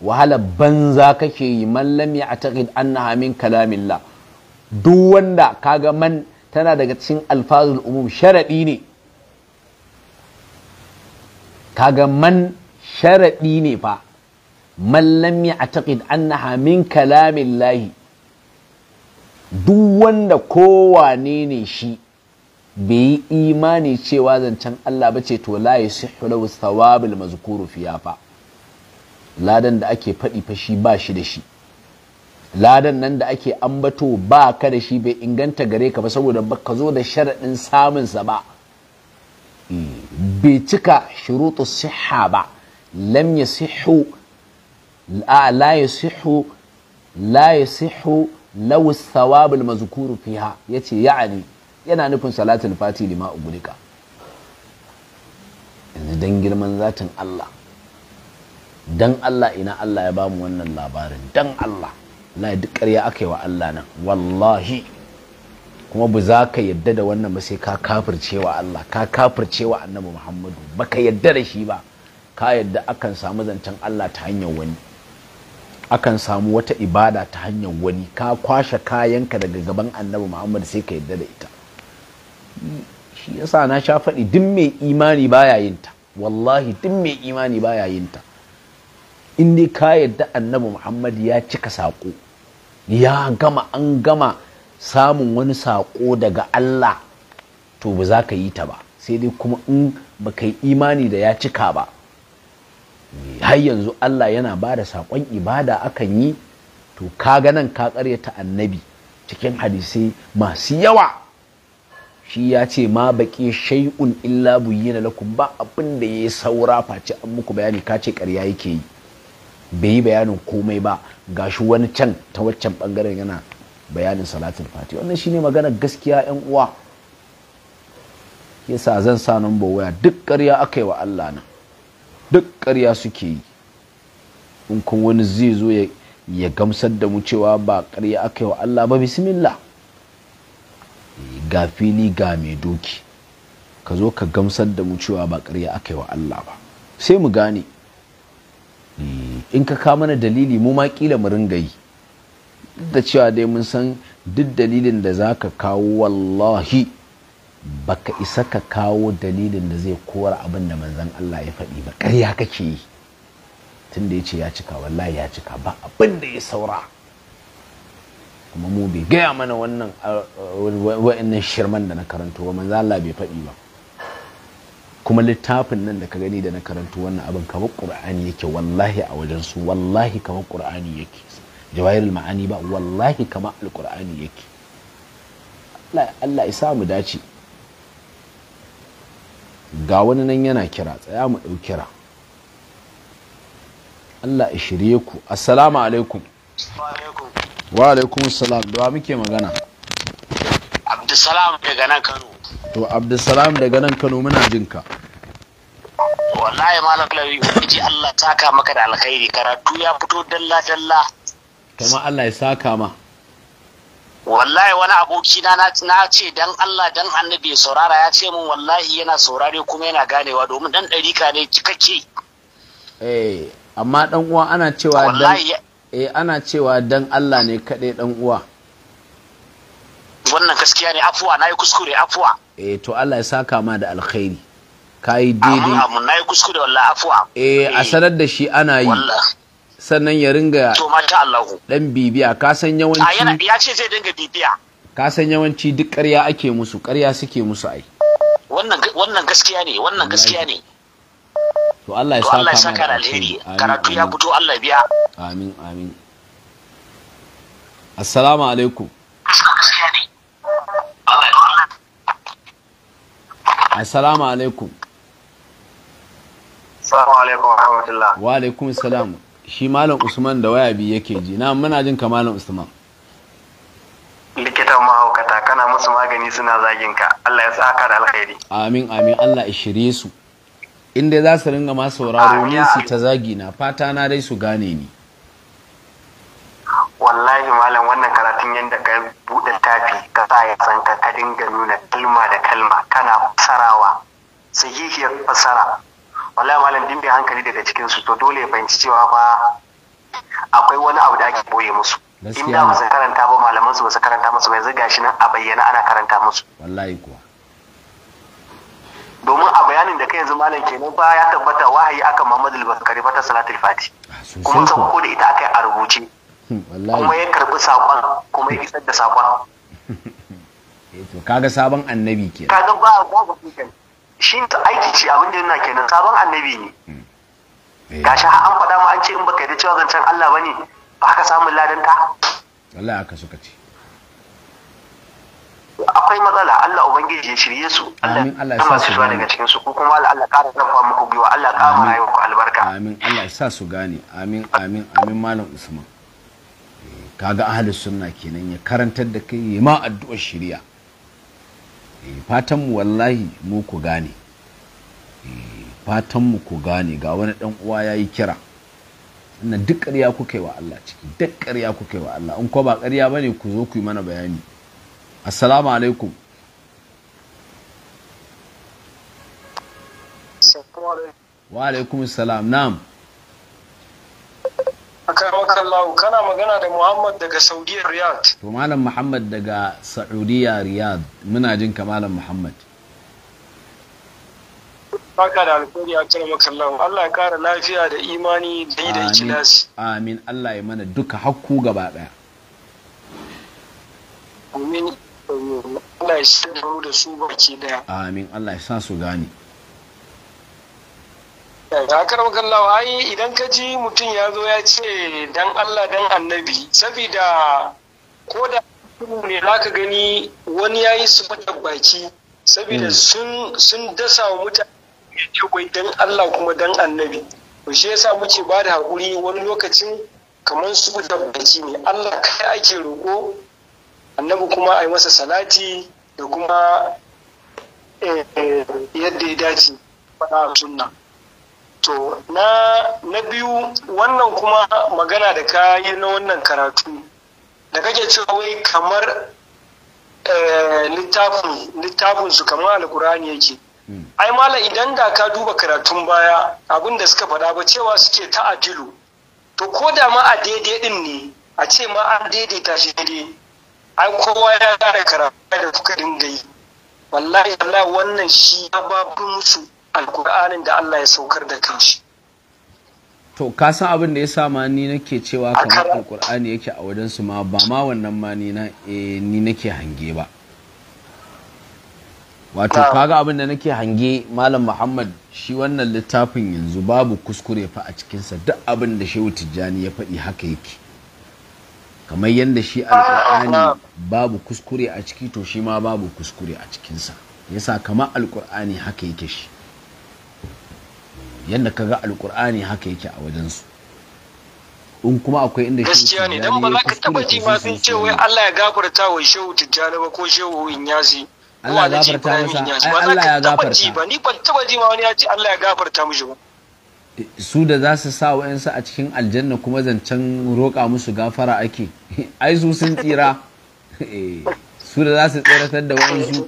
wahala banza kake yi mallami a taqid annaha min kalamillah duk wanda kaga man tana daga cikin alfazul umum sharaɗi ne kaga man sharaɗi ne fa man lam ya'taqid annaha min kalamillahi duk wanda kowane ne shi bai yi imani cewa zancen Allah ba ce to la yasihhu lahu thawabul mazkuru fiya fa ladan da ake faɗi fa shi ba shi da shi ladan nan da ake ambato ba ka da shi bai inganta gare ka ba saboda ba ka zo da sharaɗin samun sa ba bai cika shuruɗu siha ba lam ya sihu la ya sihu la ya sihu lawu mazkuru fiha yace ya'ani yana nufin salatul fati lima ugulika yanzu dan girman zatin Allah dan Allah ina Allah ya bamu wannan labarin dan Allah wallahi duk ƙarya aka yi wa Allah nan wallahi kuma ba za ka yadda da wannan ba sai ka kafirce wa Allah ka kafirce wa annabi Muhammadu ba ka yadda da shi ba ka yadda akan samu zancen Allah ta hanyar wani akan samu wata ibada ta hanyar wani ka kwashe kayanka daga gaban annabi Muhammadu sai ka yadda da ita shi yasa na sha faɗi duk mai imani baya yin ta wallahi duk mai imani baya yin ta in ni ka yadda annabi muhammad ya cika saƙo ya gama an gama samun wani saƙo daga allah to ba za ka yi ta ba sai dai kuma in ba ka yi imani da ya cika ba har yanzu allah yana ba da saƙon ibada akan yi to ka ga nan ka karyata annabi cikin hadisai masu yawa shi ya ce ma baƙi shai'un illa buyi na lakun ba abin da ya saura face an muku bayani ka ce ƙarya yake yi bai yi bayanin komai ba ga shi wani can ta waccan bangaren yana bayanin salatin fati wannan shine magana gaskiya yan uwa yasa zan sa nan waya duk ƙarya aka yi wa Allah na duk ƙarya suke yi in kun wani zai zo ya gamsar da mu cewa ba ƙarya aka yi wa Allah ba bismillah ga fili ga mai doki ka zo ka gamsar da mu cewa ba karya aka yi wa Allah ba sai mu gane in ka ka mana dalili mu ma kila mu ringa yi da cewa dai mun san duk dalilin da za ka kawo wallahi baka isa ka kawo dalilin da zai kora abin da manzan Allah ya faɗi ba ƙarya kake yi tun da ya ce ya cika wallahi ya cika ba abin da ya saura kuma mu bai gaya mana wannan wa'annan shirman da na karanto ba manzan Allah bai faɗi ba kuma littafin nan da ka gani da na karanto wannan abin kamar qur'ani yake wallahi a wajen su wallahi kamar qur'ani yake jawahirul ma'ani ba wallahi kamar alqur'ani yake Allah isa mu dace ga wani nan yana kira tsaya mu ɗau kira Allah ya shirye ku assalamu alaikum wa alaikum salam da muke magana abdulsalam daga nan kano to abdulsalam daga nan kano muna jinka wallahi malam lawi ubangiji Allah taka maka da alkhairi karatu ya fito dalla dalla kuma Allah ya saka ma wallahi wani aboki na na ce dan Allah dan annabi saurara ya ce min wallahi yana saurare kuma yana ganewa domin dan ɗarika ne cikakke eh amma dan uwa ana cewa dan eh ana cewa dan Allah ne kaɗai dan uwa wannan gaskiya ne afuwa na yi kuskure afuwa eh to Allah ya saka ma da alkhairi kai daidai amma mun nayi kuskure wallahi afuwa eh a eh. sanar da shi ana yi sannan ya ringa to masha Allah dan bibiya ka san yawanci a ya ce zai dinga bibiya ka san yawanci duk ƙarya ake musu ƙarya suke musu ai wannan wannan gaskiya ne wannan gaskiya ne to Allah ya saka Allah ya saka alheri karatu ya fito Allah biya amin amin assalamu alaikum Allah ya assalamu alaikum assalamu alaikum wa rahmatullah wa alaikum salam shi malam usman da waya biyu yake ji na muna jin ka malam usman likitan mahaukata kana musu magani suna zagin ka Allah ya saka da alkhairi amin amin Allah ya shirye su inda za su ringa masu sauraro ne su ta zagi na fata na dai su gane ni wallahi malam wannan karatun yadda ka buɗe tafi ka sa ya san ka dinga nuna kalma da kalma kana fasarawa sahihiyar fasara wallahi malam dinga bai hankali daga cikin su to dole ya fahimci cewa fa akwai wani abu da ake boye musu inda ba su karanta ba malaman su ba su karanta musu bai zai shi nan a bayyana ana karanta musu wallahi kuwa domin a bayanin da kai yanzu malam kenan ba ya tabbata wahayi aka Muhammadu al-Bakari fata salatul fati ah, kuma sauko da ita akai a rubuce Hmm, kuma ya karbi sakon kuma ya isar da sakon <laughs> eh, to kaga sabon annabi ke kaga ba ba shi ta aiki ce abin da yana kenan sabon annabi ne hmm. eh. gashi har an faɗa ma an ce in baka yi da cewa zancen Allah bane ba ka samu ladan ta wallahi haka suka ce akwai matsala Allah ubangiji ya shirye su Allah ya sa su daga cikin su ko kuma Allah ƙara zafa muku biwa Allah ƙara muku albarka amin Allah ya sa su gane amin amin amin malam Usman kaga ahalus sunna kenan ya karantar da kai ya ma addu'ar eh, fatan fatanmu wallahi mu ku gane eh, fatanmu ku gane ga wani dan uwa ya yi kira ina duk ƙarya ku kai wa Allah ciki duk ƙarya ku kai wa Allah in ko ba ƙarya ba ne ku zo ku yi mana bayani assalamu alaikum wa alaikum salam na'am akarwakallahu kana magana da muhammad daga saudiya riyad to malam muhammad daga saudiya riyad muna jin ka malam muhammad baka da alkhairi a kira makallahu Allah ya kara lafiya da imani da yi da ikilasi amin Allah ya mana duka hakku gaba daya amin Allah ya sa da su baki daya amin Allah ya sa su gane Zakar makallawa ai idan ka ji mutum ya zo ya ce dan Allah dan annabi saboda ko da ne za ka gani wani ya yi su baki saboda hmm. sun dasa wa mutane ya ce dan Allah kuma dan annabi to shi yasa muke ba da haƙuri wani lokacin kamar su baki ne Allah kai ake roƙo annabi kuma a yi masa salati da kuma eh, eh, yadda ya dace faɗa sunna. to na biyu wannan kuma magana da ka yi na wannan karatu da kake cewa wai kamar eh, littafin su kamar alkur'ani yake hmm. ai mala idan da ka duba karatun baya abin da suka faɗa ba cewa suke ta adilu to ko da ma a daidai din ne a ce ma an daidaita shi daidai ai kowa ya gara karatu da kuka dinga yi wallahi wallahi wannan shi ya babu musu alkur'anin da Allah ya saukar da kanshi to ka san abin da ya sa ma ni nake cewa kamar alkur'ani yake a wajen su ma ba ma wannan ma ni na eh, ni nake hange ba wato kaga abin da nake hange malam muhammad shi wannan littafin yanzu babu kuskure fa a cikinsa duk abin da shehu tijjani ya faɗi haka yake kamar yadda shi ah, alkur'ani babu kuskure a ciki to shi ma babu kuskure a cikinsa yasa kamar alkur'ani haka yake shi yadda ka ga alkur'ani haka yake a wajensu in kuma akwai inda gaskiya ne dan ba za ka taba ji ma sun ce wai Allah ya gafarta wa shehu tijjani ba ko shehu inyasi Allah ya gafarta masa ai Allah ya gafarta ba ni ban taba ji ma wani ya ce Allah ya gafarta mushi ba su da za su sa wa'ansu a cikin aljanna kuma zancen roƙa musu gafara ake <laughs> ai su sun tsira <laughs> eh, su da za su tsiratar da wa'ansu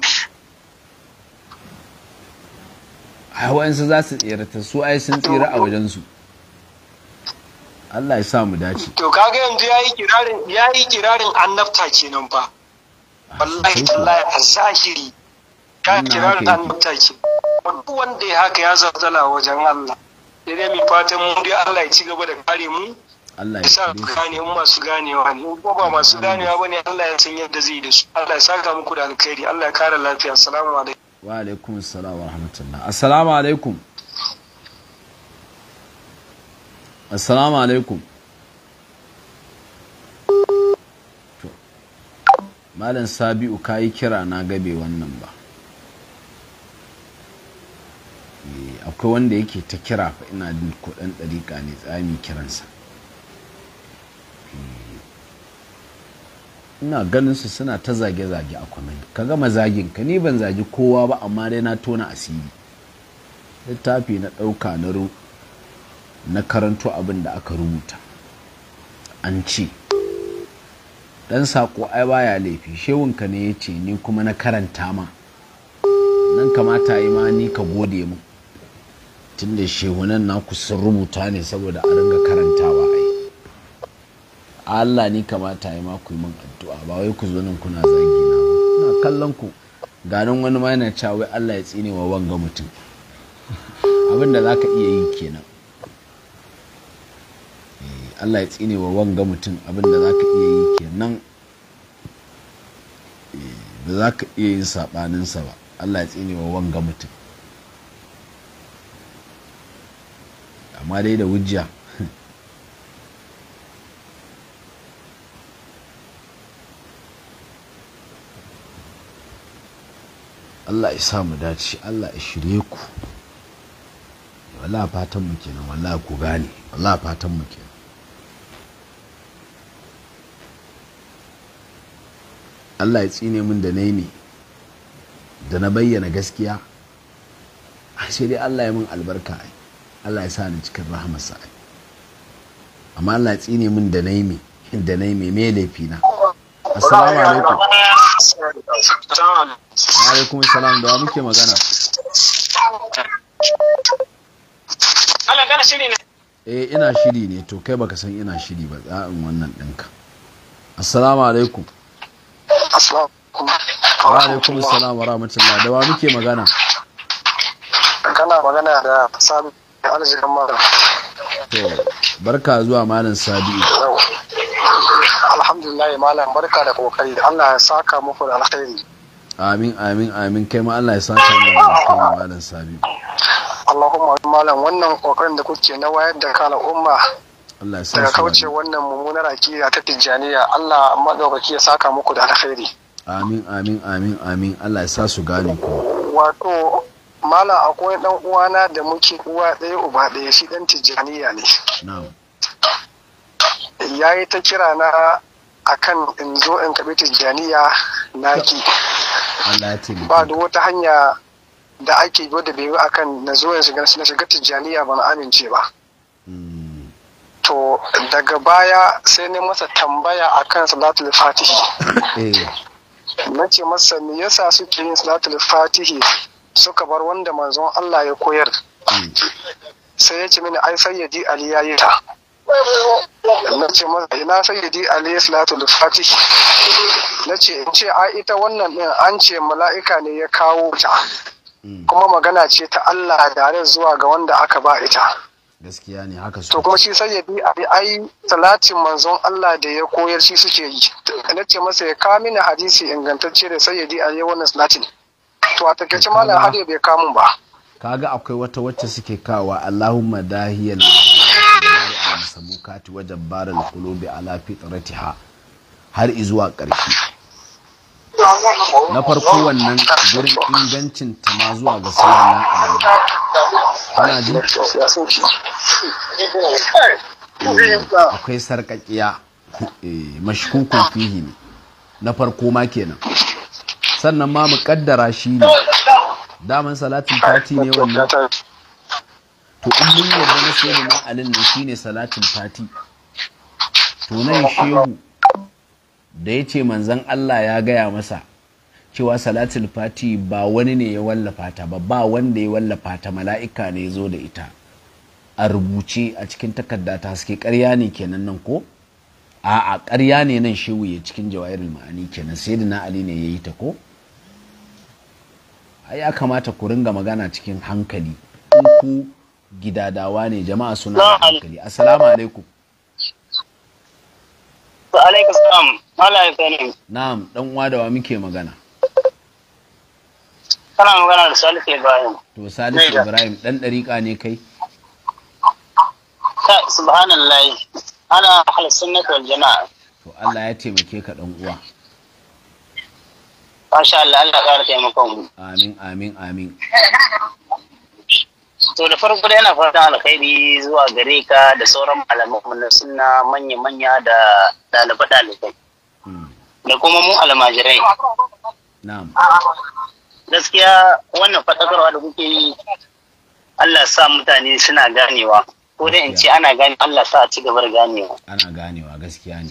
hawansu za su tsirata su ai sun tsira a wajensu Allah ya sa mu dace to kaga yanzu yayi kirarin yayi kirarin annabta kenan fa wallahi tallahi azahiri ka kirarin annabta ce duk wanda ya haka ya zazzala wajen Allah sai dai mu fatan mu dai Allah ya ci gaba da kare mu Allah ya sa gane mu masu ganewa ne ko ba masu ganewa bane Allah ya san yadda zai yi da su Allah ya saka muku da alkhairi Allah ya kare lafiya assalamu alaikum wa alaikum salam wa rahmatullah assalamu alaikum assalamu alaikum malam sabi'u ka yi kira na gabe wannan ba eh, akwai wanda yake ta kira fa ina jin kuɗin ɗariƙa ne tsami kiransa ina ganin su suna ta zage-zage a kwamen ka gama zagin ka ni ban zagi kowa ba amma dai na tona asiri littafi na ɗauka na na karanto abin da aka rubuta an ce Dan saƙo ai baya laifi shewunka ne ya ce ni kuma na karanta ma nan kamata yi ma ni ka gode mu tunda shewunan naku sun rubuta ne saboda a ringa karanta Allah ni kamata ya ma ku yi min addu'a ba wai ku zo nan kuna zagi na ba ina kallon ku ganin wani ma yana cewa wai Allah ya tsine wa wanga mutum abin da zaka iya yi kenan eh, Allah ya tsine wa wanga mutum abin da zaka iya yi kenan eh, ba za ka iya yin saɓaninsa ba Allah ya tsine wa wanga mutum amma dai da wujja Allah ya sa mu dace Allah ya shirye ku wala fatan mu kenan wala ku gane wala fatan mu kenan Allah ya tsine min da na ne da na bayyana gaskiya sai dai Allah ya min albarka ai Allah ya sa ni cikin rahamarsa ai amma Allah ya tsine min da na yi me da na yi me laifi na? Assalamu alaikum. Wa Alaikum salam da muke magana. Allah kana shiri ne. Eh ina shiri ne to kai baka san ina shiri ba tsa'in wannan ɗinka. Assalamu alaikum. Assalamu Wa alaikum assalam wa rahmatullah da wa muke magana. Kana magana da Sabi Aljigan Malam. To barka zuwa Malam Sabi. alhamdulillah malam barka da kokari Allah ya saka muku da alkhairi amin amin amin kai ma Allah ya saka muku da alkhairi malam sabi Allahumma malam wannan kokarin da kuke na wayar da kala umma daga kauce wannan mummunar akida ta tijaniya, Allah madaukaki ya saka muku da alkhairi amin amin amin amin Allah ya sa su gane ku wato malam akwai dan uwana da muke uwa ɗaya uba ɗaya shi dan tijaniya ne na'am ya yi ta kira na kan in zo in kaɓi tijjaniya naki ba da wata hanya da ake wadda bai kan na zo in shiga na shiga tijjaniya ba na amince ba hmm. to daga baya sai ne masa tambaya a akan salatul fatihi eh. na ce masa me yasa suke yin salatul fatihi suka bar wanda manzon Allah ya koyar hmm. sai ya ce mini ai sai ya yi ta na ce masa ina sayyidi alayhi salatu lufati na ce in ce a ita wannan din an ce mala'ika ne ya kawo ta hmm. kuma magana ce ta Allah da zuwa ga wanda aka ba ita gaskiya ne haka to kuma shi sayyidi abi ai salatin manzon Allah da ya koyar shi suke yi na ce masa ya kawo mini hadisi ingantacce da sayyidi alayhi wannan salatin to a takaice malam har bai kamun ba kaga akwai wata wacce suke kawa Allahumma dahiyal samukati wa jabbaral qulubi ala fitratiha har izuwa ƙarshe na farko wannan gurin ingancin ta ma zuwa ga sunna ana ji akwai sarƙaƙiya eh, mashkukun fihi na farko ma kenan sannan ma mu kaddara shi ne daman salatin fati ne wannan to in mun yarda na shehu na alin ne shine salatin fati to nan shehu da ya ce manzon Allah ya gaya masa cewa salatin fati ba wani ne ya wallafa ta ba ba wanda ya wallafa ta mala'ika ne zo da ita a rubuce a cikin takarda ta haske ƙarya ne kenan nan ko a'a ƙarya ne nan shehu ya cikin jawairul ma'ani kenan sai na ali ne yayi ta ko ya kamata ku ringa magana cikin hankali in ku gidadawa ne jama'a suna hankali assalamu alaikum alaikum salam na'am dan uwa da wa muke magana kana magana da Salisu Ibrahim to Salisu Ibrahim dan dariƙa ne kai Subhanallah. subhanallahi ana ahlus sunnah wal jama'a to Allah ya taimake ka dan uwa Masha Allah, Allah ƙara taimakon mu. Amin, amin, amin. To da farko dai yana fatan alkhairi zuwa gare ka da sauran malamai na suna manya-manya da ɗalibai-ɗalibai. Hmm. Da kuma mu almajirai. Gaskiya wannan faɗakarwa da kuke yi Allah sa mutane suna ganewa. Ko dai in ce ana ganewa. Allah sa a ci gabar ganewa. Ana ganewa gaskiya ne.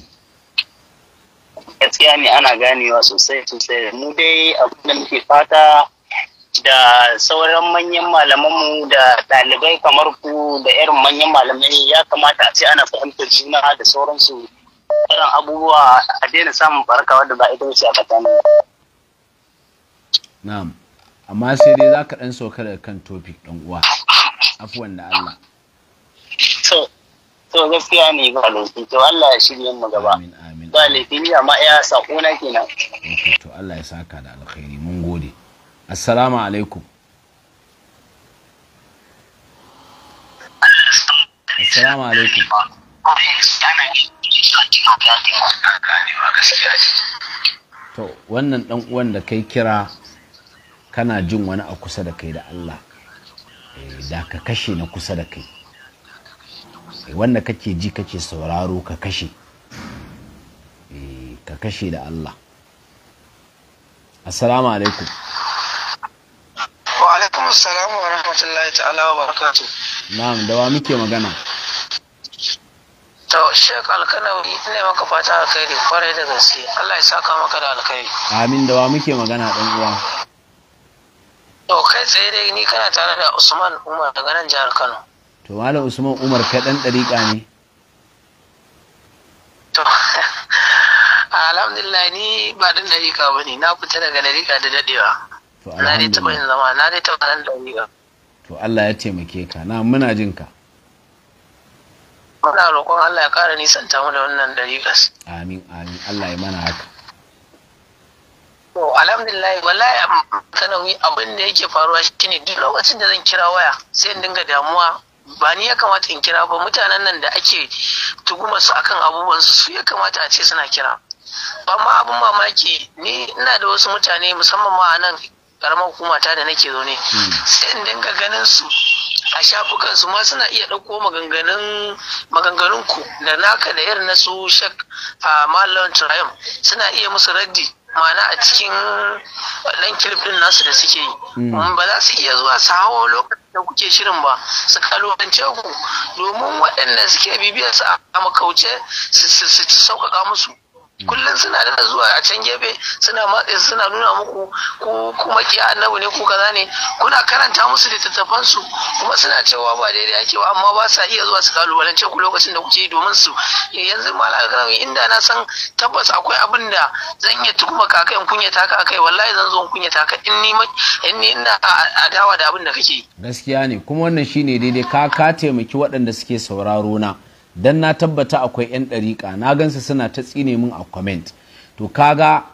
gaskiya ne ana ganewa sosai sosai mu dai abinda muke fata da sauran manyan malamanmu da ɗalibai kamar ku da irin manyan malamai ya kamata a ce ana fahimtar juna da sauransu irin abubuwa a daina samun barkawa da ba ita wuce a tsakanin na'am amma sai dai za ka ɗan sauka daga kan topic ɗan uwa afuwan da Allah to gaskiya ne ba laifi to Allah ya shirye mu gaba ba laifi ni amma ya sako na kenan to Allah ya saka da alkhairi mun gode assalamu alaikum assalamu alaikum to wannan dan uwan da kai kira kana jin wani a kusa da kai da Allah eh, da ka kashe na kusa da kai wanda kake ji kake sauraro ka kashe eh, ka kashe da Allah assalamu alaikum wa alaikum assalamu wa rahmatullahi ta'ala wa barakatuh na'am da wa muke magana to shek alkanawi ne maka fata alkhairi kwarai da gaske Allah ya saka maka da alkhairi amin da wa muke magana dan uwa to kai tsaye dai ni kana tare da Usman Umar daga nan jihar Kano to malam usman umar ka dan dariƙa ne to <laughs> alhamdulillah ni ba dan dariƙa ba ne na fita daga dariƙa da dadewa na dai taɓa yin zama na dai taɓa nan dariƙa to Allah ya taimake ka na muna jin ka muna roƙon Allah ya ƙara nisanta mu da wannan dariƙas amin amin Allah ya mana haka To alhamdulillah wallahi a sanawi abin da yake faruwa shi ne duk lokacin da zan kira waya sai in dinga damuwa ba ni ya kamata in kira ba mutanen nan da ake tuguma su akan abubuwan su su ya kamata a ce suna kira Ba ma abin mamaki ni ina da wasu mutane musamman ma a nan karamar hukumata da nake zaune hmm. sai in dinga ganin su a shafukan su ma suna iya ɗauko maganganun maganganun ku da naka da irin na su shak a ah, mallam suna iya musu raddi mana a cikin ɗan kilif ɗin nasu da suke yi hmm. ba za su iya zuwa su hawo lokacin da kuke shirin ba su kalubalance ku domin waɗanda suke bibiyar su a kauce su sauƙaƙa musu kullum suna da zuwa a can gefe suna matse suna nuna muku ku kuma ki annabi ne ku kaza ne kuna karanta musu littattafan su kuma suna cewa ba daidai ake ba amma ba sa iya zuwa su kalubalance ku lokacin da kuke domin su yanzu malam alkarami inda na san tabbas akwai abin da zan iya tukuma ka kai in kunya ta kai wallahi zan zo in kunya ta in ni in ni ina adawa da abin da kake gaskiya ne kuma wannan shine daidai ka ka taimaki waɗanda suke sauraro na Don na tabbata akwai 'yan ɗariƙa na gansa suna ta tsine min a comment to kaga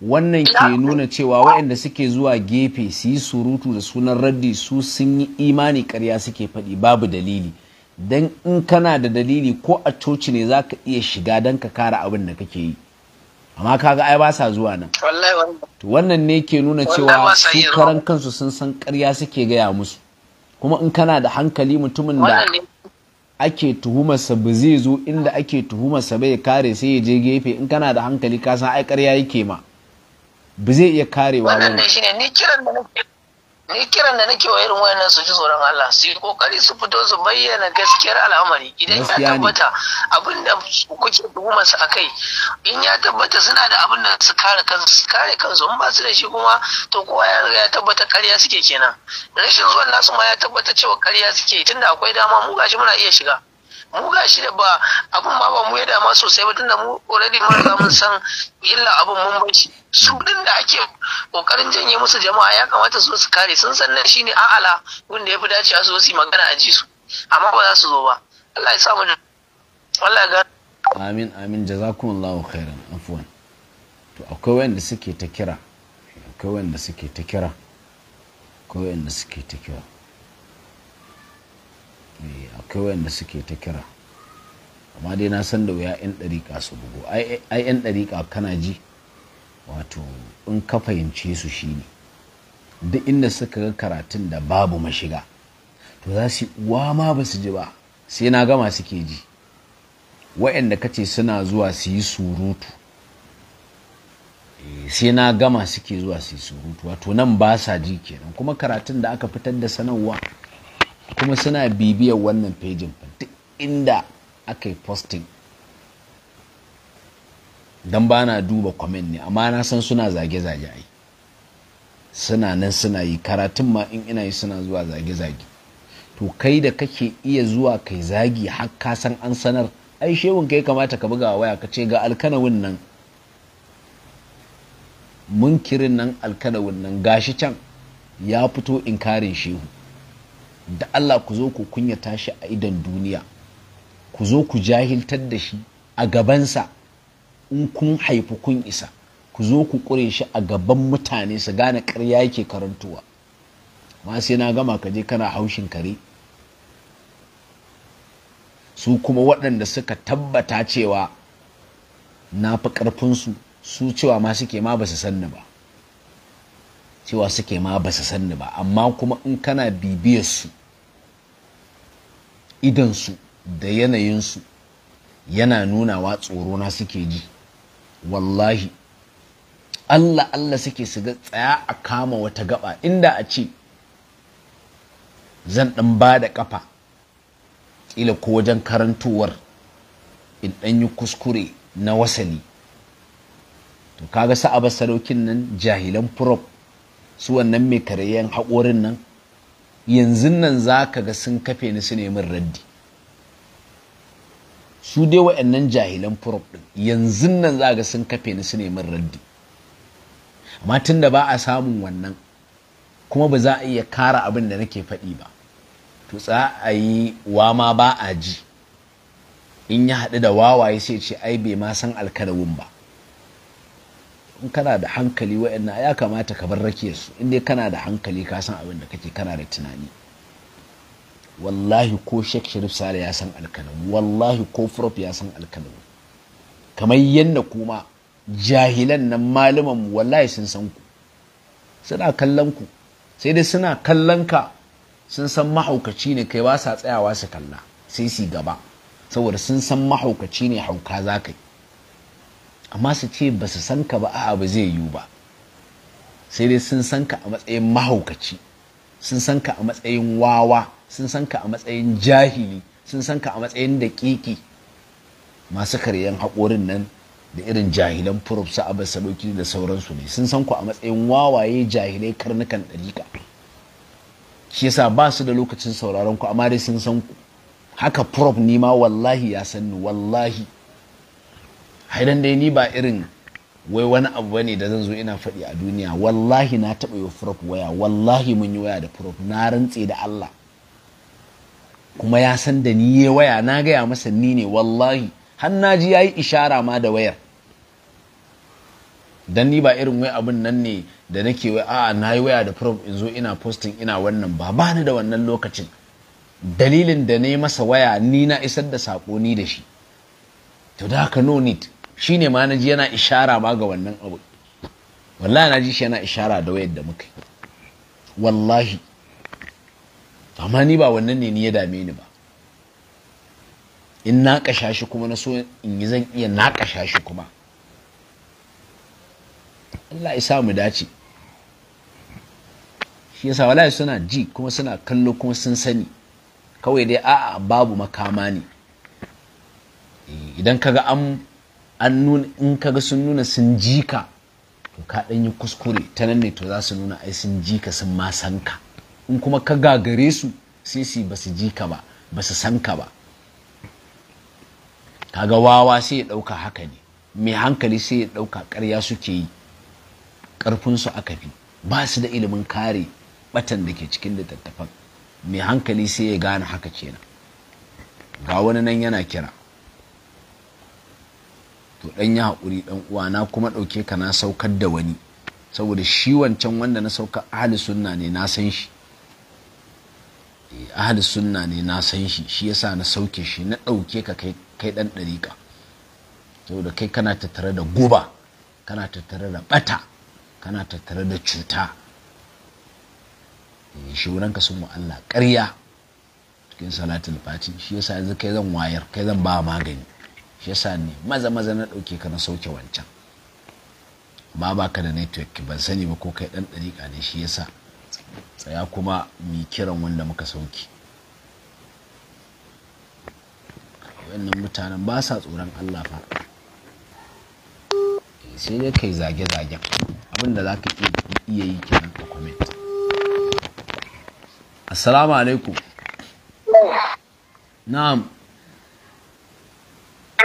wannan ke nuna cewa waɗanda suke zuwa gefe su yi surutu da sunan raddi su sun yi imani karya suke faɗi babu dalili don in kana da dalili ko a coci ne za ka iya shiga don ka kara abin da kake yi amma kaga ai ba sa zuwa nan wannan ne ke nuna cewa su karan kansu sun san karya suke gaya musu kuma in kana da hankali mutumin da ake tuhumarsa ba zai zo inda ake tuhumarsa bai kare sai ya je gefe in kana da hankali kasan aikar ai ƙarya yake ba zai iya karewa ba ni kiran da nake wa irin wayannan su ji tsoron Allah su yi kokari su fito su bayyana gaskiyar al'amari idan ya tabbata abin da kuke tuhumar su akai in ya tabbata suna da abin da su kare kansu su kare kansu in ba su da shi kuma to kowa ya riga ya tabbata ƙarya suke kenan rashin zuwan nasu ma ya tabbata cewa ƙarya suke tunda akwai dama mu gashi muna iya shiga mu ga shi ba abun ma ba mu ya dama sosai ba tunda mu already mun riga mun san illa abun mun bar shi su din da ake kokarin janye musu jama'a ya kamata su su kare sun san nan shine a'ala wanda ya fi dacewa su su magana a ji su amma ba za su zo ba Allah ya sa mu Allah ga amin amin jazakumullahu khairan afwan to akwai wanda suke ta kira akwai wanda suke ta kira akwai wanda suke ta kira kawai da suke ta kira amma dai na san da wuya 'yan ɗariƙa su bugu ai 'yan ɗariƙa kana ji wato in ka fahimce su shi ne duk inda suka ga karatun da babu mashiga to za su uwa ma ba su ji ba sai na gama suke ji wa'anda kace suna zuwa su yi surutu eh, sai na gama suke zuwa su yi surutu wato nan ba sa ji kenan kuma karatun da aka fitar da sanarwa kuma suna bibiyar wannan fejin duk inda aka yi posting don ba na duba kwamen ne amma na san suna zage-zage ai suna nan suna yi karatun ma in ina yi suna zuwa zage-zage to kai da kake iya zuwa kai zagi har ka san an sanar ai shewun kai kamata ka buga waya ka ce ga alkanawin nan munkirin nan alkanawin nan gashi can ya fito in karin shehu da Allah ku zo ku kunyata shi a idan duniya ku zo ku jahiltar da shi a gabansa in kun haifi kun isa ku zo ku ƙure shi a gaban mutane su gane ƙarya yake karantuwa ma sai na gama ka je kana haushin kare su kuma waɗanda suka tabbata cewa na fi ƙarfinsu su cewa ma suke ma ba su sanni ba cewa suke ma ba su sanni ba amma kuma in kana bibiyarsu idansu da yanayinsu yana nunawa na suke ji wallahi Allah Allah suke su tsaya a kama wata gaba inda a ce zan ɗan ba da ƙafa ƙila ko wajen karantowar in ɗan yi kuskure na wasali to kaga sa'abar sadaukin nan jahilan prop su wannan mai karayyan haƙorin nan yanzu nan za ka ga sun kafe ni su nemi raddi su dai wa'annan jahilan furof ɗin yanzu nan za ga sun kafe ni su nemi raddi amma tun da ba a samun wannan kuma ba za a iya kara abin da nake faɗi ba to za a yi wama ba a ji in ya haɗu da wawaye sai ce ai bai ma san alkalawun ba in kana da hankali wa'annan ya kamata ka bar rake su in dai kana da hankali ka san abin da kake kana da tunani wallahi ko shek sharif sale ya san alkalam wallahi ko prof ya san alkalam kamar yadda kuma jahilan nan malaman wallahi sun san ku suna kallon ku sai dai suna kallon ka sun san mahaukaci ne kai ba sa tsayawa su kalla sai su gaba saboda sun san mahaukaci ne hauka za ka yi amma su ce ba su san ka ba a'a ba zai yiwu ba sai dai sun san ka a matsayin mahaukaci sun san ka a matsayin wawa sun san ka a matsayin jahili sun san ka a matsayin daƙiƙi masu karyan haƙorin nan da irin jahilan furuf su abin sadauki da sauransu ne sun san ku a matsayin wawaye jahilai karnukan ɗarika shi yasa ba su da lokacin sauraron ku amma dai sun san ku haka furuf ni ma wallahi ya san ni wallahi haidan dai ni ba irin wai wani abu bane da zan zo ina faɗi a duniya wallahi na taɓa yi prof waya wallahi mun yi waya da prof na rantse da Allah kuma ya san da ni ya waya na gaya masa ni ne wallahi har na ji ya yi ishara ma da wayar dan ni ba irin wai abin nan ne da nake wai a'a na yi waya da prof in zo ina posting ina wannan ba ba ni da wannan lokacin dalilin da na yi masa waya ni na isar da saƙo ni da shi to da haka no need shine ma naji yana ishara ma ga wannan abu wallahi naji shi yana ishara da wayar da muka wallahi amma ni ba wannan ne ni ya dame ni ba in na kasha shi kuma na so in yi zan iya na kasha shi kuma Allah ya sa mu dace shi yasa wallahi suna ji kuma suna kallo kuma sun sani kawai dai a'a babu makama ne eh, idan kaga an an nuna in kaga sun nuna sun ji ka to ka dan yi kuskure ta nan ne to za su nuna ai sun ji sun ma san ka in kuma ka gagare su sai su ba su ji ka ba ba su san ka ba kaga wawa sai ya dauka haka ne mai hankali sai ya dauka ƙarya suke yi ƙarfin su aka fi ba su da ilimin kare batan da ke cikin littattafan mai hankali sai ya gane haka kenan ga wani nan yana kira to dan ya haƙuri dan uwa na kuma ɗauke ka na saukar da wani saboda shi wancan wanda na sauka ahli sunna ne na san shi eh, ahli sunna ne na san shi shi yasa na sauke shi na ɗauke ka kai kai dan ɗariƙa saboda kai kana tattare da guba kana tattare da ɓata kana tattare da cuta eh, shi wurinka sun Allah ƙarya cikin salatul fati shi yasa yanzu kai zan wayar kai zan ba magani shi yasa ne maza maza na ɗauke ka na sauke wancan ma ka da network ban sani ba ko kai ɗan ɗariƙa ne shi yasa tsaya kuma mi kiran wanda muka sauke. wannan mutanen ba sa tsoron Allah fa eh, sai dai kai zage-zagen abinda za ka iya yi kenan a comment assalamu alaikum na'am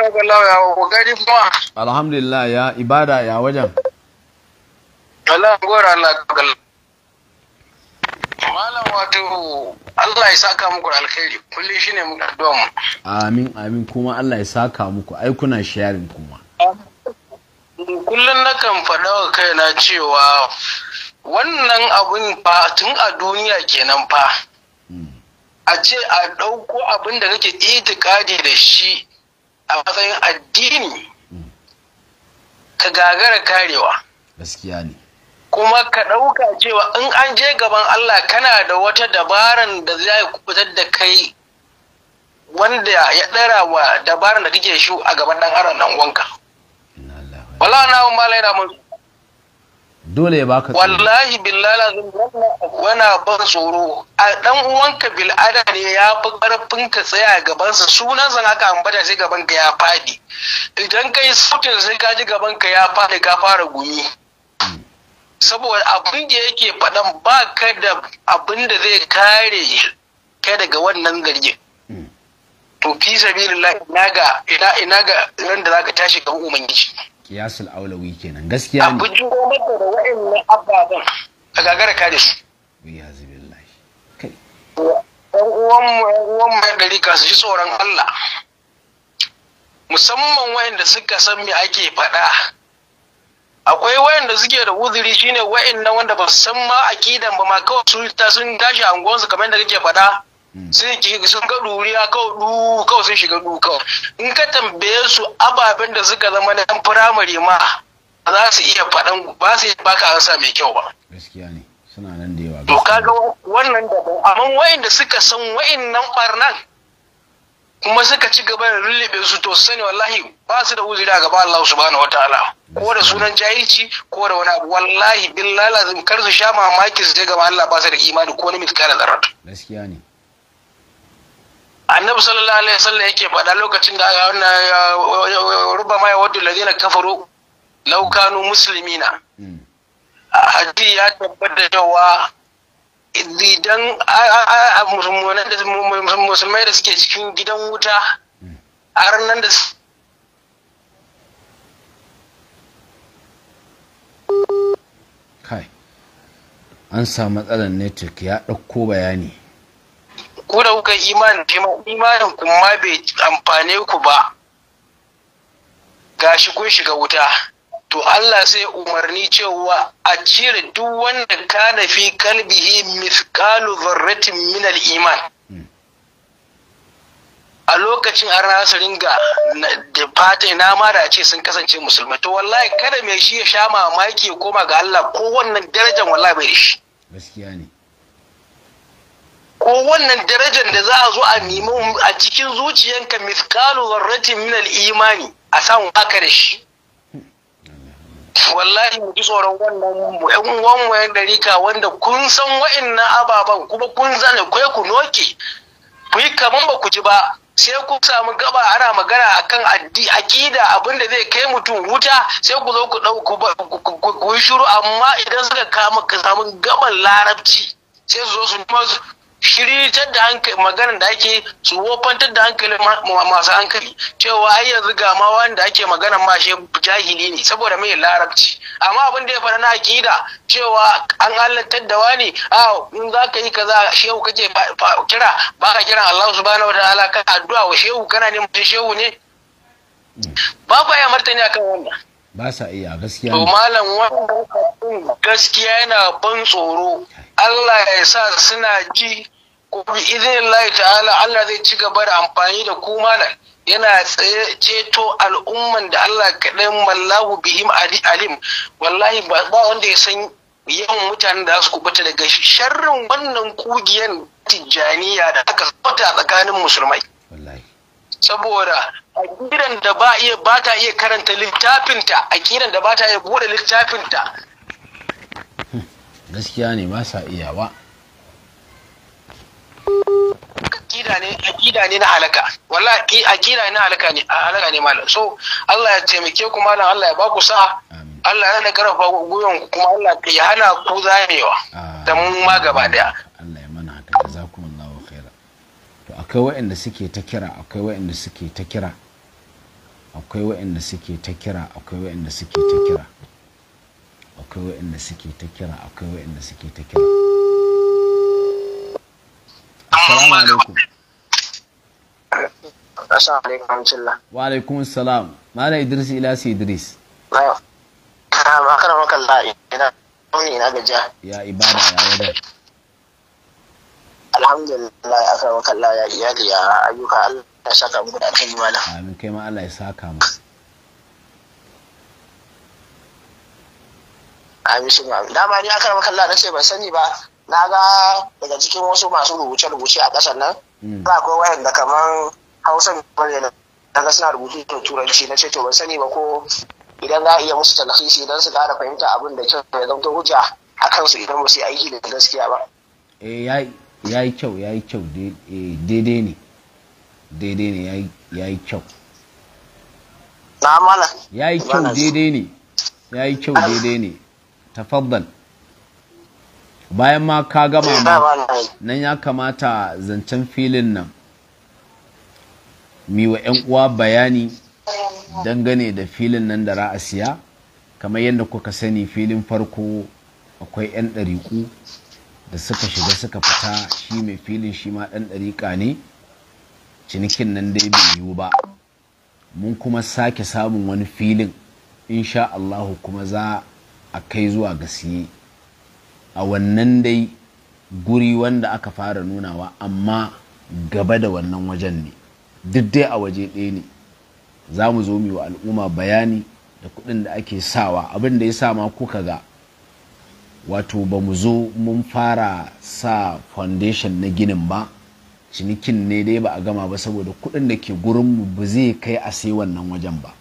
kuma alhamdulillah ya ibada ya wajen Allah gora Allah kallon malam wato Allah ya saka muku alkhairi kullum shine muka addu'a mu amin amin kuma Allah ya saka muku ai kuna sharing kuma kullum nakan faɗa wa kaina cewa wannan abun fa tun a duniya kenan fa hmm. a ce a ɗauko abin da kake itikadi da shi a matsayin addini ka gagara karewa gaskiya ne kuma ka ɗauka cewa in an je gaban Allah kana da wata dabaran da za a kubutar da kai wanda ya ɗara wa dabaran da kake shi a gaban ɗan aron nan wanka. Wala na malai na mun dole ya baka tsoro wallahi billala wana ban tsoro a dan uwanka bil ne ya fi karfin ka tsaya gaban sa sunan san haka ambata sai gaban ka ya fadi idan kai sautin sai ka ji gaban ka ya fadi ka fara gumi saboda abin da yake faɗan ba ka da abin da zai kare kai daga wannan gargin hmm. to fi sabilillah ina ga ina ga ran da zaka tashi gaban ubangiji kiyasul aulawi kenan gaskiya ne abin da da wa'annan ababen a gagara da su biya zibillahi kai uwan mu ɗan uwan mu ɗari ka su ji tsoron Allah musamman da suka san me ake faɗa akwai da suke da uzuri shine wa'in nan wanda ba su san ma akidan ba ma kawai su ta sun tashi anguwansu kamar yadda kake faɗa sun ki sun ga duriya kawai kawai sun shiga du kawai in ka tambaye su ababen da suka zama na firamare ma za su iya faɗan ba su baka ansa mai kyau ba gaskiya ne suna nan da yawa to kaga wannan da amma wayanda suka san wayannan barnan kuma suka ci gaba da rullube su to sani wallahi ba su da uzuri a gaba Allah subhanahu wataala ko da sunan jahilci ko da wani abu wallahi billahi lazim kar su sha mamaki su je gaba Allah ba su da imani ko na da zarar gaskiya ne annabi sallallahu alaihi wasallam yake faɗa lokacin da aka wannan rubba mai yawaddu ladina kafaru law kanu muslimina hmm. hadisi ya tabbata cewa idan musulmai da suke cikin gidan wuta hmm. a ranar da kai an samu matsalar network ya ɗauko bayani ku da kuka imanin imanin kun ma bai amfane ku ba shi kun shiga wuta to Allah sai umarni cewa a cire duk wanda kana fi kalbihi mithqalu dharratin min iman hmm. a lokacin an rasa ringa da fata ina ma da ce sun kasance musulmai to wallahi kada mai shi ya sha mamaki ya koma ga Allah ko wannan darajar wallahi bai da shi gaskiya ne ko wannan darajar da za a zo a nemi a cikin zuciyanka miskalu zarrati min imani a samu haka da shi wallahi mu ji tsoron wannan mu yan uwan wanda kun san wa'annan ababen kuma kun zane kai ku noke ku yi kaman ba ku ji ba sai ku samu gaba ana magana akan aƙida abinda zai kai mutum wuta sai ku zo ku ɗauku ku yi shiru amma idan suka kama ka samu gaban larabci sai su zo su shiritar da hankali maganar da ake su wofantar da hankali masu hankali cewa ai yanzu ga ma wanda ake maganar ma jahili ne saboda mai larabci amma abin da ya fara na akida cewa an halattar da wani a in za ka yi kaza shehu kake kira ba ka kiran Allah subhanahu wataala ka addu'a wa shehu kana mutum shehu ne mm. ba ku ya martani akan wannan ba sa iya gaskiya to malam wannan gaskiya yana ban tsoro Allah ya sa suna ji ko idan Allah ta'ala Allah zai ci gaba da amfani da ku malam yana ceto al'umman da Allah kaɗan mallahu bihim alim wallahi ba wanda ya san yawan mutanen da su kubuta daga sharrin wannan kugiyar tijjaniya da aka fata tsakanin musulmai saboda A kiran da ba iya ba ta iya karanta littafinta kiran da ba ta iya buɗe littafinta gaskiya ne ba sa iya ba akida ne ne na halaka wallahi akida ne na halaka ne halaka ne malam so Allah ya taimake ku malam Allah ya ba ku sa'a Allah ya da karfa gwiwan ku kuma Allah ya hana ku zamewa da mu ma gaba daya Allah ya mana haka jazakumullahu khaira to akwai waɗanda suke ta kira akwai waɗanda suke ta kira akwai waɗanda suke ta kira akwai waɗanda suke ta kira akwai waɗanda suke ta kira akwai waɗanda suke ta kira assalamu alaikum assalamu alaikum wa alaikum assalam mala idris ilasi idris ma kana maka ya ibada ya wada alhamdulillah aka maka la ya iyali ya ayyuka Allah ta saka mu da aka yi wala amin kai ma Allah ya saka mu amin shi ma dama ni aka maka Allah na ce ban sani ba na ga daga cikin wasu masu rubuce-rubuce a ƙasar nan mm. ba akwai wayan da kamar hausa ne na ga suna rubutu da turanci na ce to ban sani ba ko idan za a iya musu talhisi idan su ƙara fahimta abin da kyau ya zama hujja a kansu idan ba su yi aiki da gaskiya ba. Eh ya yi kyau ya yi kyau eh, daidai ne. daidai ne ya yi kyau ya yi kyau daidai ne ya yi kyau ah. daidai ne tafaddal bayan ma ka gama eh, ma nan ya kamata zancen filin nan mi wa 'yan uwa bayani dangane da filin nan da ra'a siya kamar yadda kuka sani filin farko akwai 'yan ɗariƙu da suka shiga suka fita shi mai filin shi ma ɗan ɗariƙa ne cinikin nan dai bai yiwu ba mun kuma sake samun wani filin insha Allahu kuma za a kai zuwa ga siye a wannan dai guri wanda aka fara nunawa amma gaba da wannan wajen ne duk dai a waje ɗaya ne za mu zo mu wa al'umma bayani da kuɗin da ake sawa abin da ya sa ma kuka ga wato ba mu zo mun fara sa foundation na ginin ba cinikin ne dai ba a gama ba saboda kudin da ke gurinmu ba zai kai a sai wannan wajen ba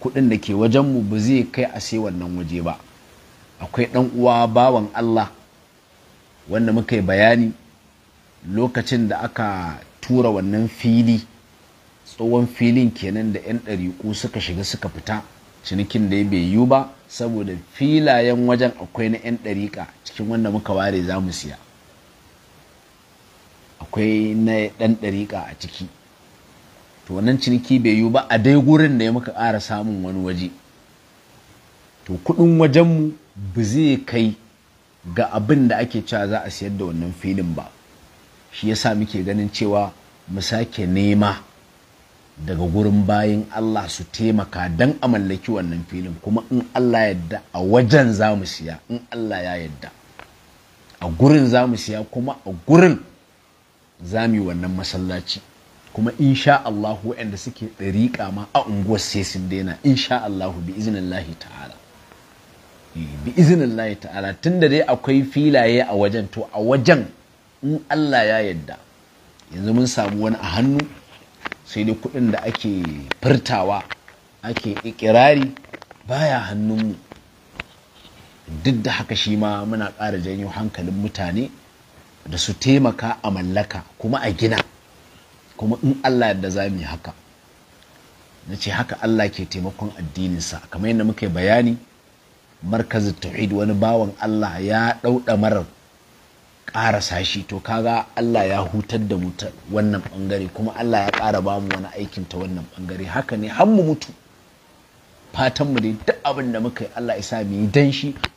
kudin da ke wajenmu ba zai kai a sai wannan waje ba akwai dan uwa bawan allah wanda muka yi bayani lokacin da aka tura wannan fili tsohon filin kenan da 'yan ɗariƙu suka shiga suka fita cinikin da ya bai yiwu ba saboda filayen wajen akwai na 'yan ɗariƙa cikin wanda muka ware za mu siya akwai na ɗan ɗariƙa a ciki to wannan ciniki bai yiwu ba a dai gurin da ya muka ƙara samun wani waje to kuɗin wajenmu ba zai kai ga abin da ake cewa za a siyar da wannan filin ba shi yasa muke ganin cewa mu sake nema daga gurin bayan Allah su taimaka don a mallaki wannan filin kuma in Allah yadda a wajen za mu siya in Allah ya yadda a gurin za mu siya kuma a gurin za mu yi wannan masallaci kuma in insha Allahu waɗanda suke ɗariƙa ma a unguwar sai sun daina insha Allahu bi iznillahi ta'ala eh, bi iznillahi ta'ala tunda dai akwai filaye a wajen to a wajen in Allah ya yadda yanzu mun samu wani a hannu sai dai kuɗin da ake furtawa ake ikirari baya hannunmu duk da haka shi ma muna ƙara janyo hankalin mutane da su taimaka a mallaka kuma a gina kuma in Allah yadda za mu yi haka na ce haka Allah ke taimakon addininsa kamar yadda muka yi bayani markazi tauhid wani bawan Allah ya ɗauɗa marar ƙarasa shi to kaga Allah ya hutar da mu wannan ɓangare kuma Allah ya ƙara bamu wani aikin ta wannan ɓangare haka ne har mu mutu fatan mu dai duk abin da muka yi Allah ya sa mu yi dan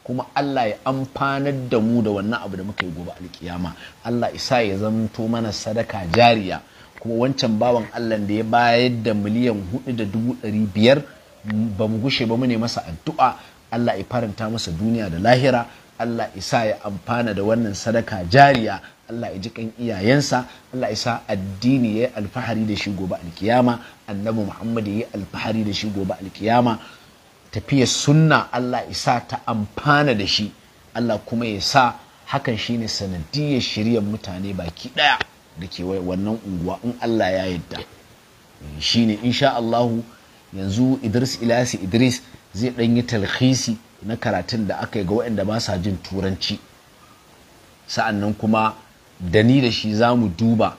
kuma Allah ya amfanar da mu da wannan abu da muka yi gobe alkiyama Allah ya sa ya zanto mana sadaka jariya kuma wancan bawan Allah da ya bayar da miliyan hudu da dubu ɗari biyar ba mu gushe ba mu ne masa addu'a Allah ya faranta masa duniya da lahira Allah ya sa ya amfana da wannan sadaka jariya Allah ya ji kan iyayensa Allah ya sa addini ya yi alfahari da shi gobe alkiyama annabi Muhammad ya yi alfahari da shi gobe alkiyama Tafiya sunna Allah ya sa ta amfana da shi Allah kuma ya sa hakan shine sanadiyar shirya mutane baki daya da ke wannan unguwa in Allah ya yadda eh, shine insha Allahu yanzu Idris Ilasi Idris zai dan yi talhisi na karatun da aka yi ga waɗanda ba sa jin turanci sa'annan kuma da ni da shi za mu duba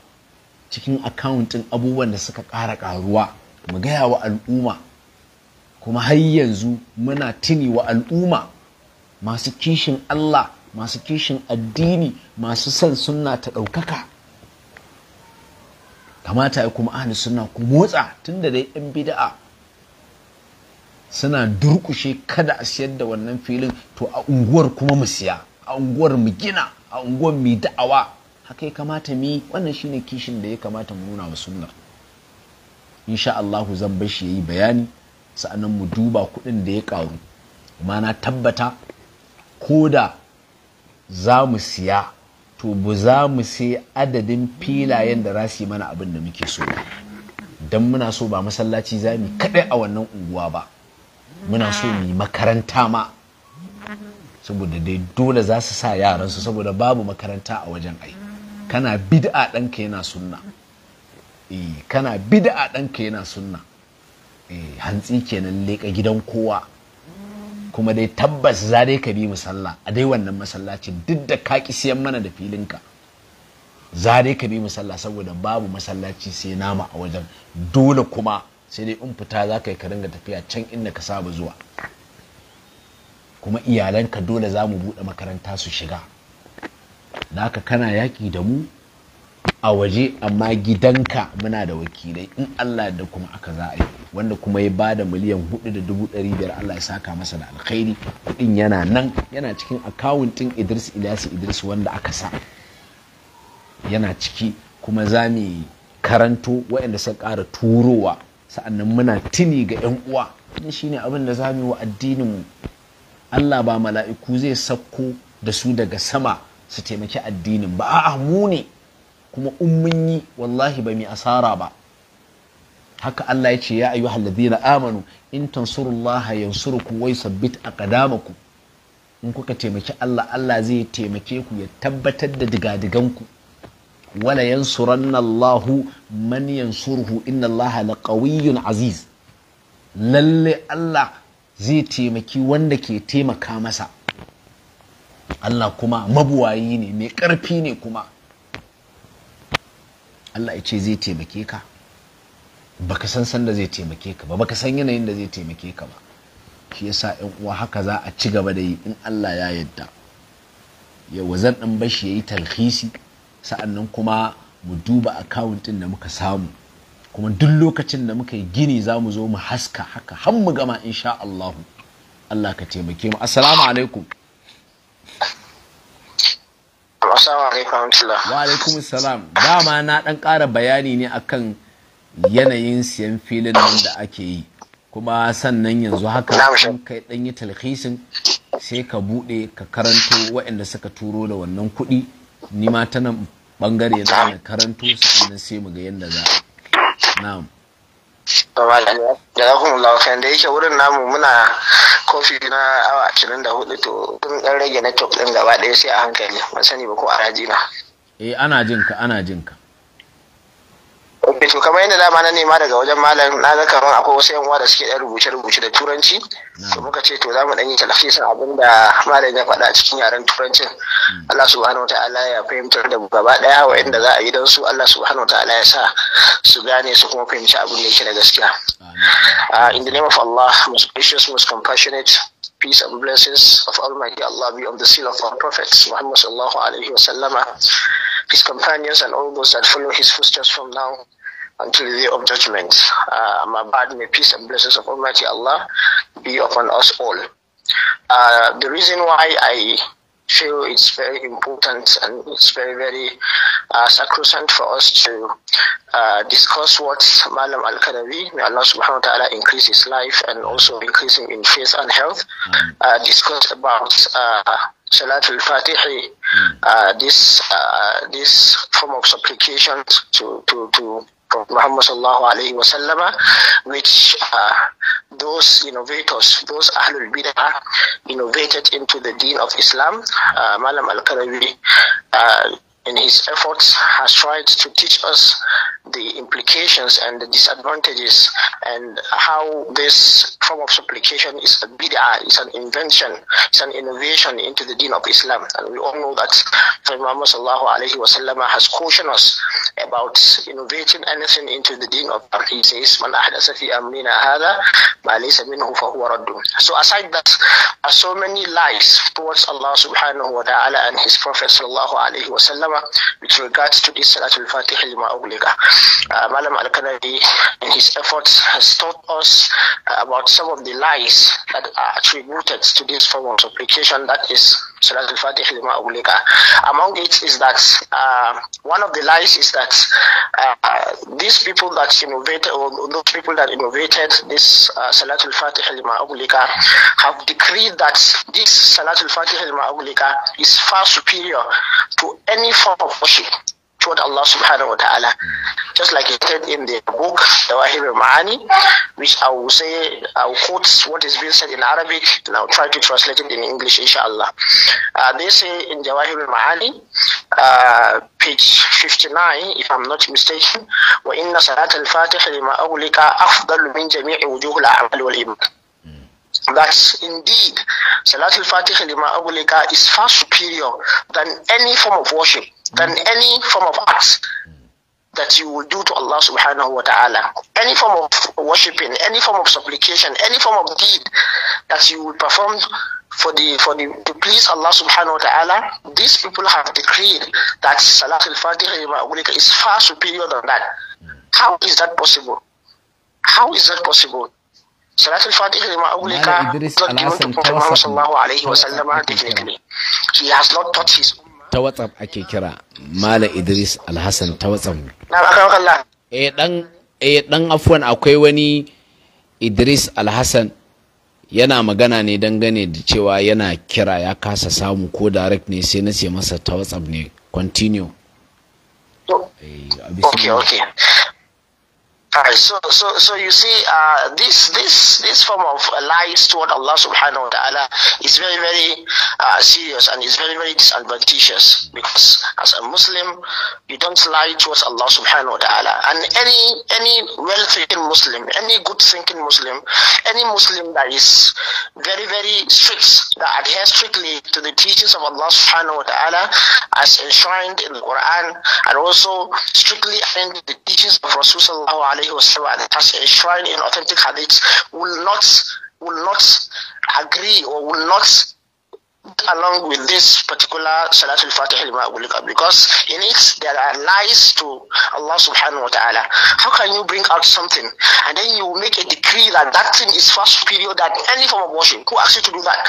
cikin akawuntin abubuwan da suka ƙara ƙaruwa mu gaya wa al'umma kuma har yanzu muna tuni wa al'umma masu kishin Allah masu kishin addini masu son sunna ta ɗaukaka kamata ya kuma ahli sunna ku motsa tunda dai yan bida'a suna durkushe kada a siyar da wannan filin to a unguwar kuma mu siya a unguwar mu gina a unguwar mu da'awa haka ya kamata mi wannan shine kishin da ya kamata mu nuna wa sunna insha Allahu zan bar shi yayi bayani sa'annan mu duba kuɗin da ya karu amma na tabbata ko da za mu siya to bu za mu sai adadin filayen da rasi mana abin da muke so don muna so ba masallaci za mu kaɗai a wannan unguwa ba muna so mu makaranta ma saboda dai dole za su sa yaransu saboda babu makaranta a wajen aiki kana bid'a ɗanka yana sunna eh, kana bid'a ɗanka yana sunna eh, hantsi kenan leƙa gidan kowa kuma dai tabbas za dai ka bi musalla a dai wannan masallacin duk da ka ki siyan mana da filinka za dai ka bi musalla saboda babu masallaci sai nama a wajen dole kuma sai dai in fita za ka yi ka ringa tafiya can inda ka saba zuwa kuma iyalanka dole za mu buɗe makaranta su shiga da haka kana yaƙi da mu a waje amma gidanka muna da wakilai in Allah da kuma aka za a yi wanda kuma ya bada miliyan hudu da dubu ɗari biyar Allah ya saka masa da alkhairi kuɗin yana nan yana cikin akawuntin ɗin Idris Ilyas Idris wanda aka sa yana ciki kuma za mu karanto waɗanda suka ƙara turowa sa'annan muna tuni ga 'yan uwa shine abin da za mu yi wa addinin mu Allah ba mala'iku zai sakko da su daga sama su taimaki addinin ba a mu ne kuma in munyi yi wallahi ba mai asara ba haka Allah ya ce ya ayyuhal ladina amanu in tansurullaha yansurukum wa yusabbit aqdamakum in kuka taimaki Allah Allah zai taimake ku ya tabbatar da digadiganku wala yansuranna lahu man yansuruhu inna na laqawiyyun aziz lalle Allah zai taimaki wanda ke taimaka masa Allah kuma mabuwayi ne mai ƙarfi ne kuma Allah ya ce zai taimake ka baka san sanda zai taimake ka ba baka san yanayin da zai taimake ka ba shi yasa yan uwa haka za a ci gaba da yi in Allah ya yadda yau zan ɗan bashi ya yi talhisi nan kuma mu duba ɗin da muka samu kuma duk lokacin da muka yi gini za mu zo mu haska haka har mu gama insha Allah Allah ka taimake mu assalamu alaikum Wa alaikum salam. Dama na ɗan ƙara bayani ne akan yanayin siyan filin nan da ake yi. Kuma sannan yanzu haka an kai ɗan yi talhisin sai ka buɗe ka karanto waɗanda suka turo da wannan kuɗi. Ni ma ta nan ɓangare na karanto sannan sai mu ga yadda za. Na'am. jazakumullahu lafiyan da yake wurin namu muna kofi na awa 24 hudu to kun dan rage network din gaba ɗaya sai a hankali ban sani ba ko a na. eh ana jinka, ana jinka. ok to kamar yadda dama na nema daga wajen malam na ga kamar akwai wasu yan uwa da suke ɗan rubuce rubuce da turanci to mm. muka ce to za mu ɗan yi talhisin abin da malam ya faɗa cikin yaren turancin mm. Allah subhanahu Ta'ala ya fahimtar da gaba ɗaya inda za a yi don su Allah subhanahu Ta'ala ya sa su gane su kuma fahimci abin da yake da gaskiya ah, in the name of Allah most gracious most compassionate peace and blessings of Almighty Allah be on the seal of our Prophet Muhammad sallallahu alaihi sallama. his companions and all those that follow his footsteps from now until the day of judgment. Uh, may peace and blessings of Almighty Allah be upon us all. Uh, the reason why I feel it's very important and it's very, very uh, sacrosanct for us to uh, discuss what Malam Al Kadawi, may Allah subhanahu wa ta'ala increase his life and also increase him in faith and health, mm. uh, discuss about uh, Salat al Fatihi, mm. uh, this, uh, this form of supplication to, to, to of Muhammad sallallahu alaihi wasallam, which uh, those innovators, those Ahlul Bid'ah, innovated into the deen of Islam. Uh, Malam Al-Karawi, uh, in his efforts, has tried to teach us the implications and the disadvantages and how this form of supplication is a bid'ah, it's an invention, it's an innovation into the deen of Islam. And we all know that Muhammad has cautioned us about innovating anything into the deen of Islam. He says, Man So aside that, are so many lies towards Allah subhanahu wa ta'ala and his Prophet sallallahu alayhi wasallam with regards to this Salatul Fatih al-Ma'ugliqah uh, Malam Al Kanadi and his efforts has taught us uh, about some of the lies that are attributed to this form of supplication that is Salat al Fatih Among it is that uh, one of the lies is that uh, these people that innovated, or those people that innovated this uh, Salatul Salat al Fatih Lima have decreed that this Salatul al Fatih Lima is far superior to any form of worship what Allah subhanahu wa ta'ala. Just like it said in the book, Dawahib Ma'ani, which I will say, I will quote what is being said in Arabic and I'll try to translate it in English, inshallah. Uh, they say in Dawahib Ma'ani, uh, page 59, if I'm not mistaken, وَإِنَّ صَلَاةَ الْفَاتِحِ لِمَا أَفْضَلُ مِنْ جَمِيعِ وُجُوهِ الْأَعْمَالِ وَالْإِبَادِ that indeed Salatul Fatih Lima is far superior than any form of worship than any form of acts that you will do to Allah subhanahu wa ta'ala. Any form of worshipping, any form of supplication, any form of deed that you will perform for the for the to please Allah subhanahu wa ta'ala, these people have decreed that Salah al is far superior than that. How is that possible? How is that possible? Salatul al is not given to Prophet Muhammad sallallahu He has not taught his ta whatsapp ake kira Malam Idris Alhassan ta whatsapp. Na eh, dan eh, afuwan akwai wani Idris Alhassan yana magana ne dangane da cewa yana kira ya kasa samu ko direct ne sai na ce masa ta whatsapp ne continue. Eh, so, so, so you see, uh, this, this, this form of lies toward Allah subhanahu wa ta'ala is very, very uh, serious and is very, very disadvantageous because as a Muslim, you don't lie towards Allah subhanahu wa ta'ala. And any, any well-thinking Muslim, any good-thinking Muslim, any Muslim that is very, very strict, that adheres strictly to the teachings of Allah subhanahu wa ta'ala as enshrined in the Quran and also strictly adhering to the teachings of Rasulullah alayhi As a shrine in authentic hadith will not will not agree or will not along with this particular Salatul Fatih because in it there are lies to Allah subhanahu wa ta'ala. How can you bring out something and then you make a decree that that thing is far superior than any form of worship? Who asked you to do that?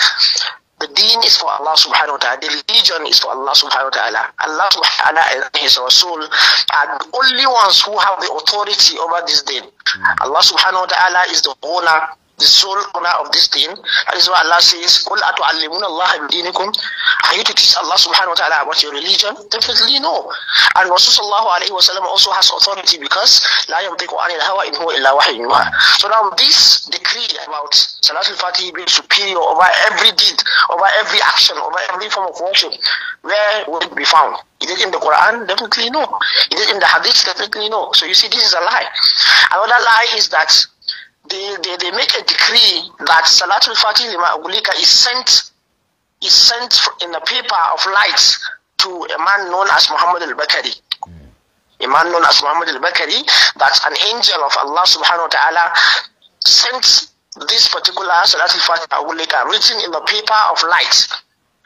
The deen is for Allah subhanahu wa ta'ala. The religion is for Allah subhanahu wa ta'ala. Allah subhanahu wa ta'ala and his Rasul are the only ones who have the authority over this deen. Hmm. Allah subhanahu wa ta'ala is the owner the sole owner of this thing. That is why Allah says, "Qul atu'allimuna Allah bidinikum." Are you to teach Allah subhanahu wa ta'ala about your religion? Definitely no. And Rasulullah alayhi wa sallam also has authority because لا ينطق عن الهوى إن هو إلا So now this decree about Salatul Fatih being superior over every deed, over every action, over every form of worship, where will it be found? Is it in the Quran? Definitely no. Is it in the Hadith? Definitely no. So you see, this is a lie. Another lie is that they, they, they make a decree that Salatul Fatih Ulika is sent is sent in a paper of light to a man known as Muhammad al-Bakari. A man known as Muhammad al-Bakari, that an angel of Allah subhanahu wa ta'ala sent this particular Salatul Fatih Ulika written in the paper of light.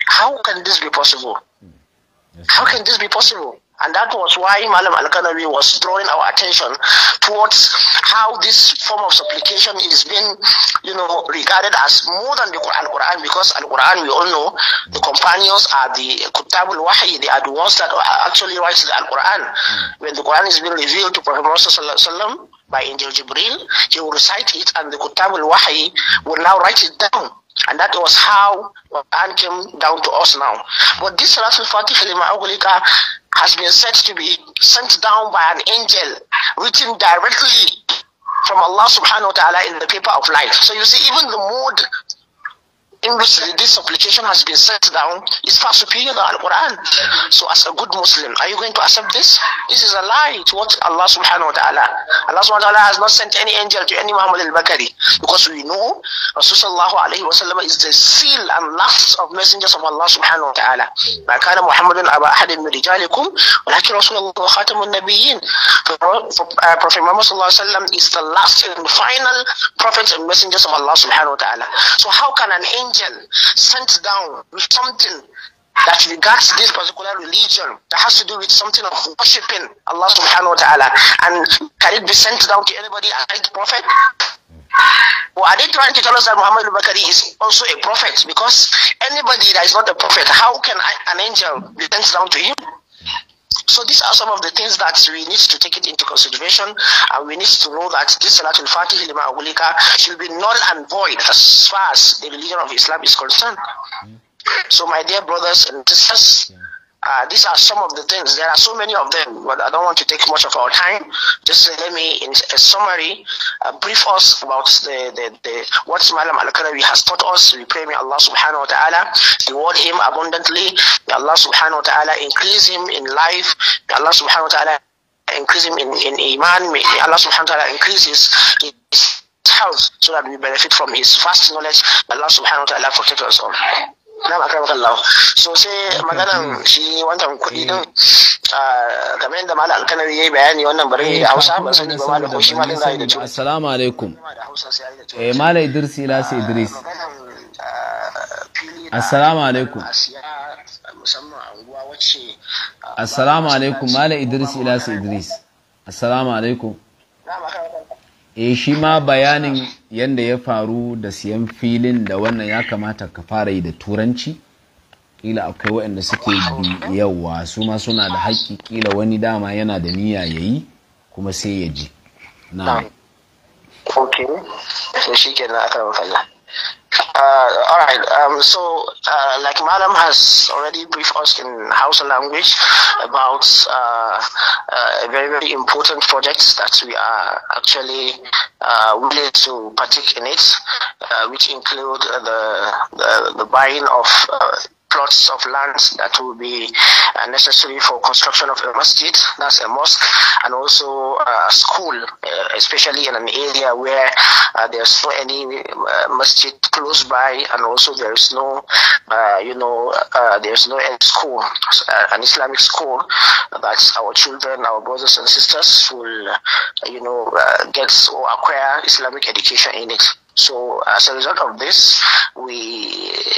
How can this be possible? Hmm. How can this be possible? And that was why Malam Al Kanawi was drawing our attention towards how this form of supplication is being, you know, regarded as more than the Quran, Quran because Al Quran, we all know, the companions are the Kutabul Wahi, they are the ones that actually write the Al Quran. Hmm. When the Quran is being revealed to Prophet Muhammad by Angel Jibril, he will recite it and the Kutabul Wahi will now write it down. And that was how Quran came down to us now. But this Rasul Fatih has been said to be sent down by an angel written directly from Allah subhanahu wa ta'ala in the paper of life. So you see, even the mood in this supplication has been set down is far superior than the quran So as a good Muslim, are you going to accept this? This is a lie to what Allah subhanahu wa ta'ala. Allah subhanahu wa ta'ala has not sent any angel to any Muhammad al-Bakari because we know Rasulullah alayhi wa is the seal and last of messengers of Allah subhanahu wa ta'ala. ما كان محمد أبا أحد من رجالكم ولكن رسول الله خاتم النبيين Prophet Muhammad sallallahu alayhi wa sallam is the last and final prophet and messengers of Allah subhanahu wa ta'ala. So how can an angel angel sent down with something that regards this particular religion that has to do with something of worshipping Allah subhanahu wa ta'ala. And can it be sent down to anybody like the prophet? Well, are they trying to tell us that Muhammad al-Bakari is also a prophet? Because anybody that is not a prophet, how can an angel be sent down to him? So these are some of the things that we need to take it into consideration, and we need to know that this Salatul Fatih Lima Agulika should be null and void as far as the religion of Islam is concerned. Mm. So, my dear brothers and sisters, uh, these are some of the things. There are so many of them, but I don't want to take much of our time. Just uh, let me, in a summary, uh, brief us about the, the, the what Malam Al Karawi has taught us. We pray may Allah subhanahu wa ta'ala reward him abundantly May Allah subhanahu wa ta'ala increase him in life. May Allah subhanahu wa ta'ala increase him in, in iman. May Allah subhanahu wa ta'ala increase his, his health so that we benefit from his vast knowledge. May Allah subhanahu wa ta'ala protect us all. na makarar kallawa so sai maganan shi wannan kuɗi din eh. ah, kamar yadda malam alkanari ya yi bayani wannan bari da eh, hausa ba sani ba malam shi malam zai da cewa assalamu alaikum eh malam idris ila sai ah, idris ah, assalamu alaikum musamman anguwa wacce assalamu alaikum mala idris ilasu idris assalamu alaikum e shi ma bayanin yadda ya faru da siyan filin da wannan ya kamata ka fara yi da turanci kila akwai waɗanda suke bi yawa su ma suna da haƙƙi kila wani dama yana da niyya ya yi kuma sai ya ji na ok so shi kenan aka mafalla Uh, all right. Um, so, uh, like Madam has already briefed us in Hausa language about uh, a uh, very, very important project that we are actually uh, willing to partake in it, uh, which include the, the, the buying of plots of lands that will be uh, necessary for construction of a masjid, that's a mosque, and also a school, uh, especially in an area where uh, there's no any uh, masjid close by, and also there is no, uh, you know, uh, there's no school, an Islamic school that our children, our brothers and sisters will, you know, get or acquire Islamic education in it. So as a result of this, we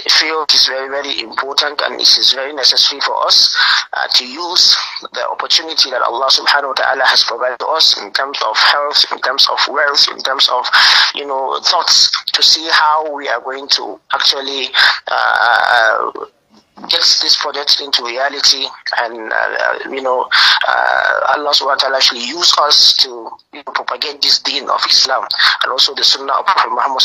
feel it is very, very important and it is very necessary for us uh, to use the opportunity that Allah subhanahu wa ta'ala has provided us in terms of health, in terms of wealth, in terms of, you know, thoughts to see how we are going to actually uh, gets this project into reality and uh, uh you know uh, Allah SWT wa should use us to you know, propagate this deen of Islam and also the sunnah of Prophet Muhammad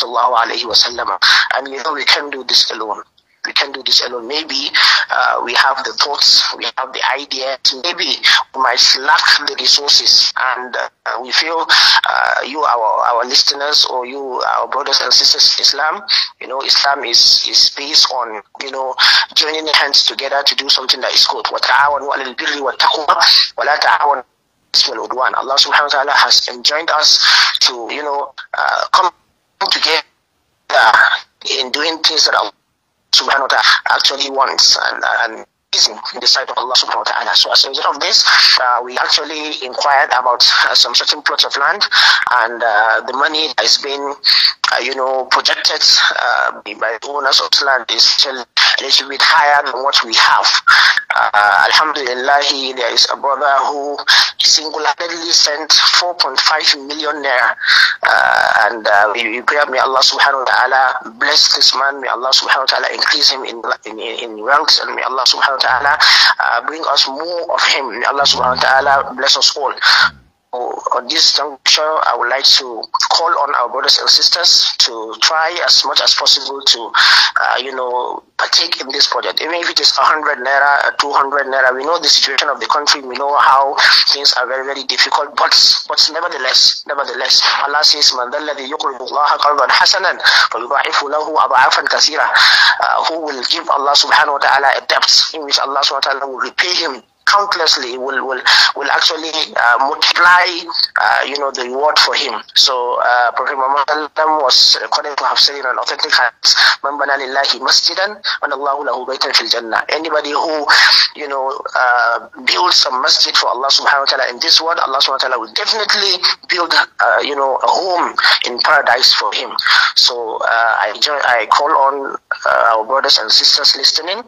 and you know we can do this alone we can do this alone. Maybe uh, we have the thoughts, we have the ideas, maybe we might lack the resources, and uh, we feel uh, you, our our listeners, or you, our brothers and sisters in Islam, you know, Islam is is based on you know joining hands together to do something that is good. Allah subhanahu wa ta'ala has enjoined us to, you know, uh, come together in doing things that are Subhanahu wa Ta'ala actually wants and, and pleasing in the sight of Allah subhanahu wa ta'ala. So as a result of this, uh, we actually inquired about uh, some certain plots of land and uh, the money that is being, uh, you know, projected uh, by the owners of land is still a little bit higher than what we have. Uh, Alhamdulillah, there is a brother who single-handedly sent 4.5 million naira and we, we pray may Allah subhanahu wa ta'ala bless this man, may Allah subhanahu wa ta'ala increase him in, in, in ranks and may Allah subhanahu ta'ala uh, bring us more of him. May Allah subhanahu wa ta'ala bless us all on this juncture, I would like to call on our brothers and sisters to try as much as possible to, uh, you know, partake in this project. Even if it is 100 naira, 200 naira, we know the situation of the country. We know how things are very, very difficult. But, but nevertheless, nevertheless, Allah says, "Man الذي يقرض الله قرضا حسنا فيضاعف له أضعافا كثيرة." Who will give Allah Subhanahu wa Taala a debt in which Allah Subhanahu wa Taala will repay him countlessly will will will actually uh, multiply uh, you know the reward for him so uh, prophet muhammad was according to have said in an authentic hadith man bana lillahi masjidan allah lahu baytan fil jannah anybody who you know uh, builds some masjid for allah subhanahu wa ta'ala in this world allah subhanahu wa ta'ala will definitely build uh, you know a home in paradise for him so uh, i join, i call on our brothers and sisters listening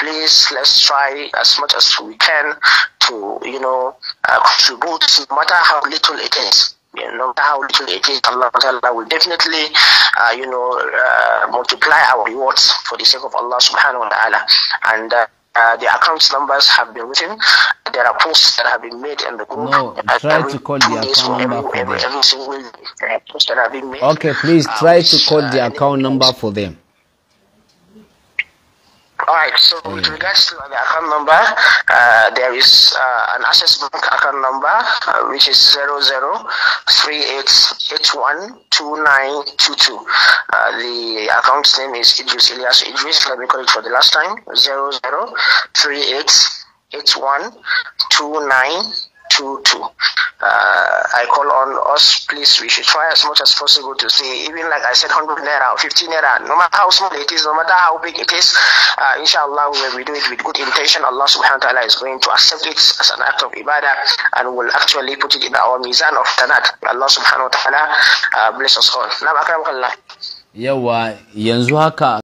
please let's try as much as we can to, you know, uh, contribute, no matter how little it is. You know, no matter how little it is, Allah, Allah will definitely, uh, you know, uh, multiply our rewards for the sake of Allah subhanahu wa ta'ala. And uh, uh the account numbers have been written. There are posts that have been made in the group. No, uh, try to call the account number for them. Okay, please try to call the account number for them. All right. So with hmm. regards to the account number, uh, there is uh, an Access Bank account number uh, which is zero zero three eight eight one two nine two two. Uh, the account name is Idris Elias Idris. Let me call it for the last time. Zero zero three eight eight one two nine to to. Uh, I call on us, please, we should try as much as possible to see, even like I said, 100 naira, fifteen naira, no matter how small it is, no matter how big it is, uh, inshallah, when we do it with good intention, Allah subhanahu wa ta'ala is going to accept it as an act of ibadah and will actually put it in our mizan of tanat. Allah subhanahu wa ta'ala uh, bless us all.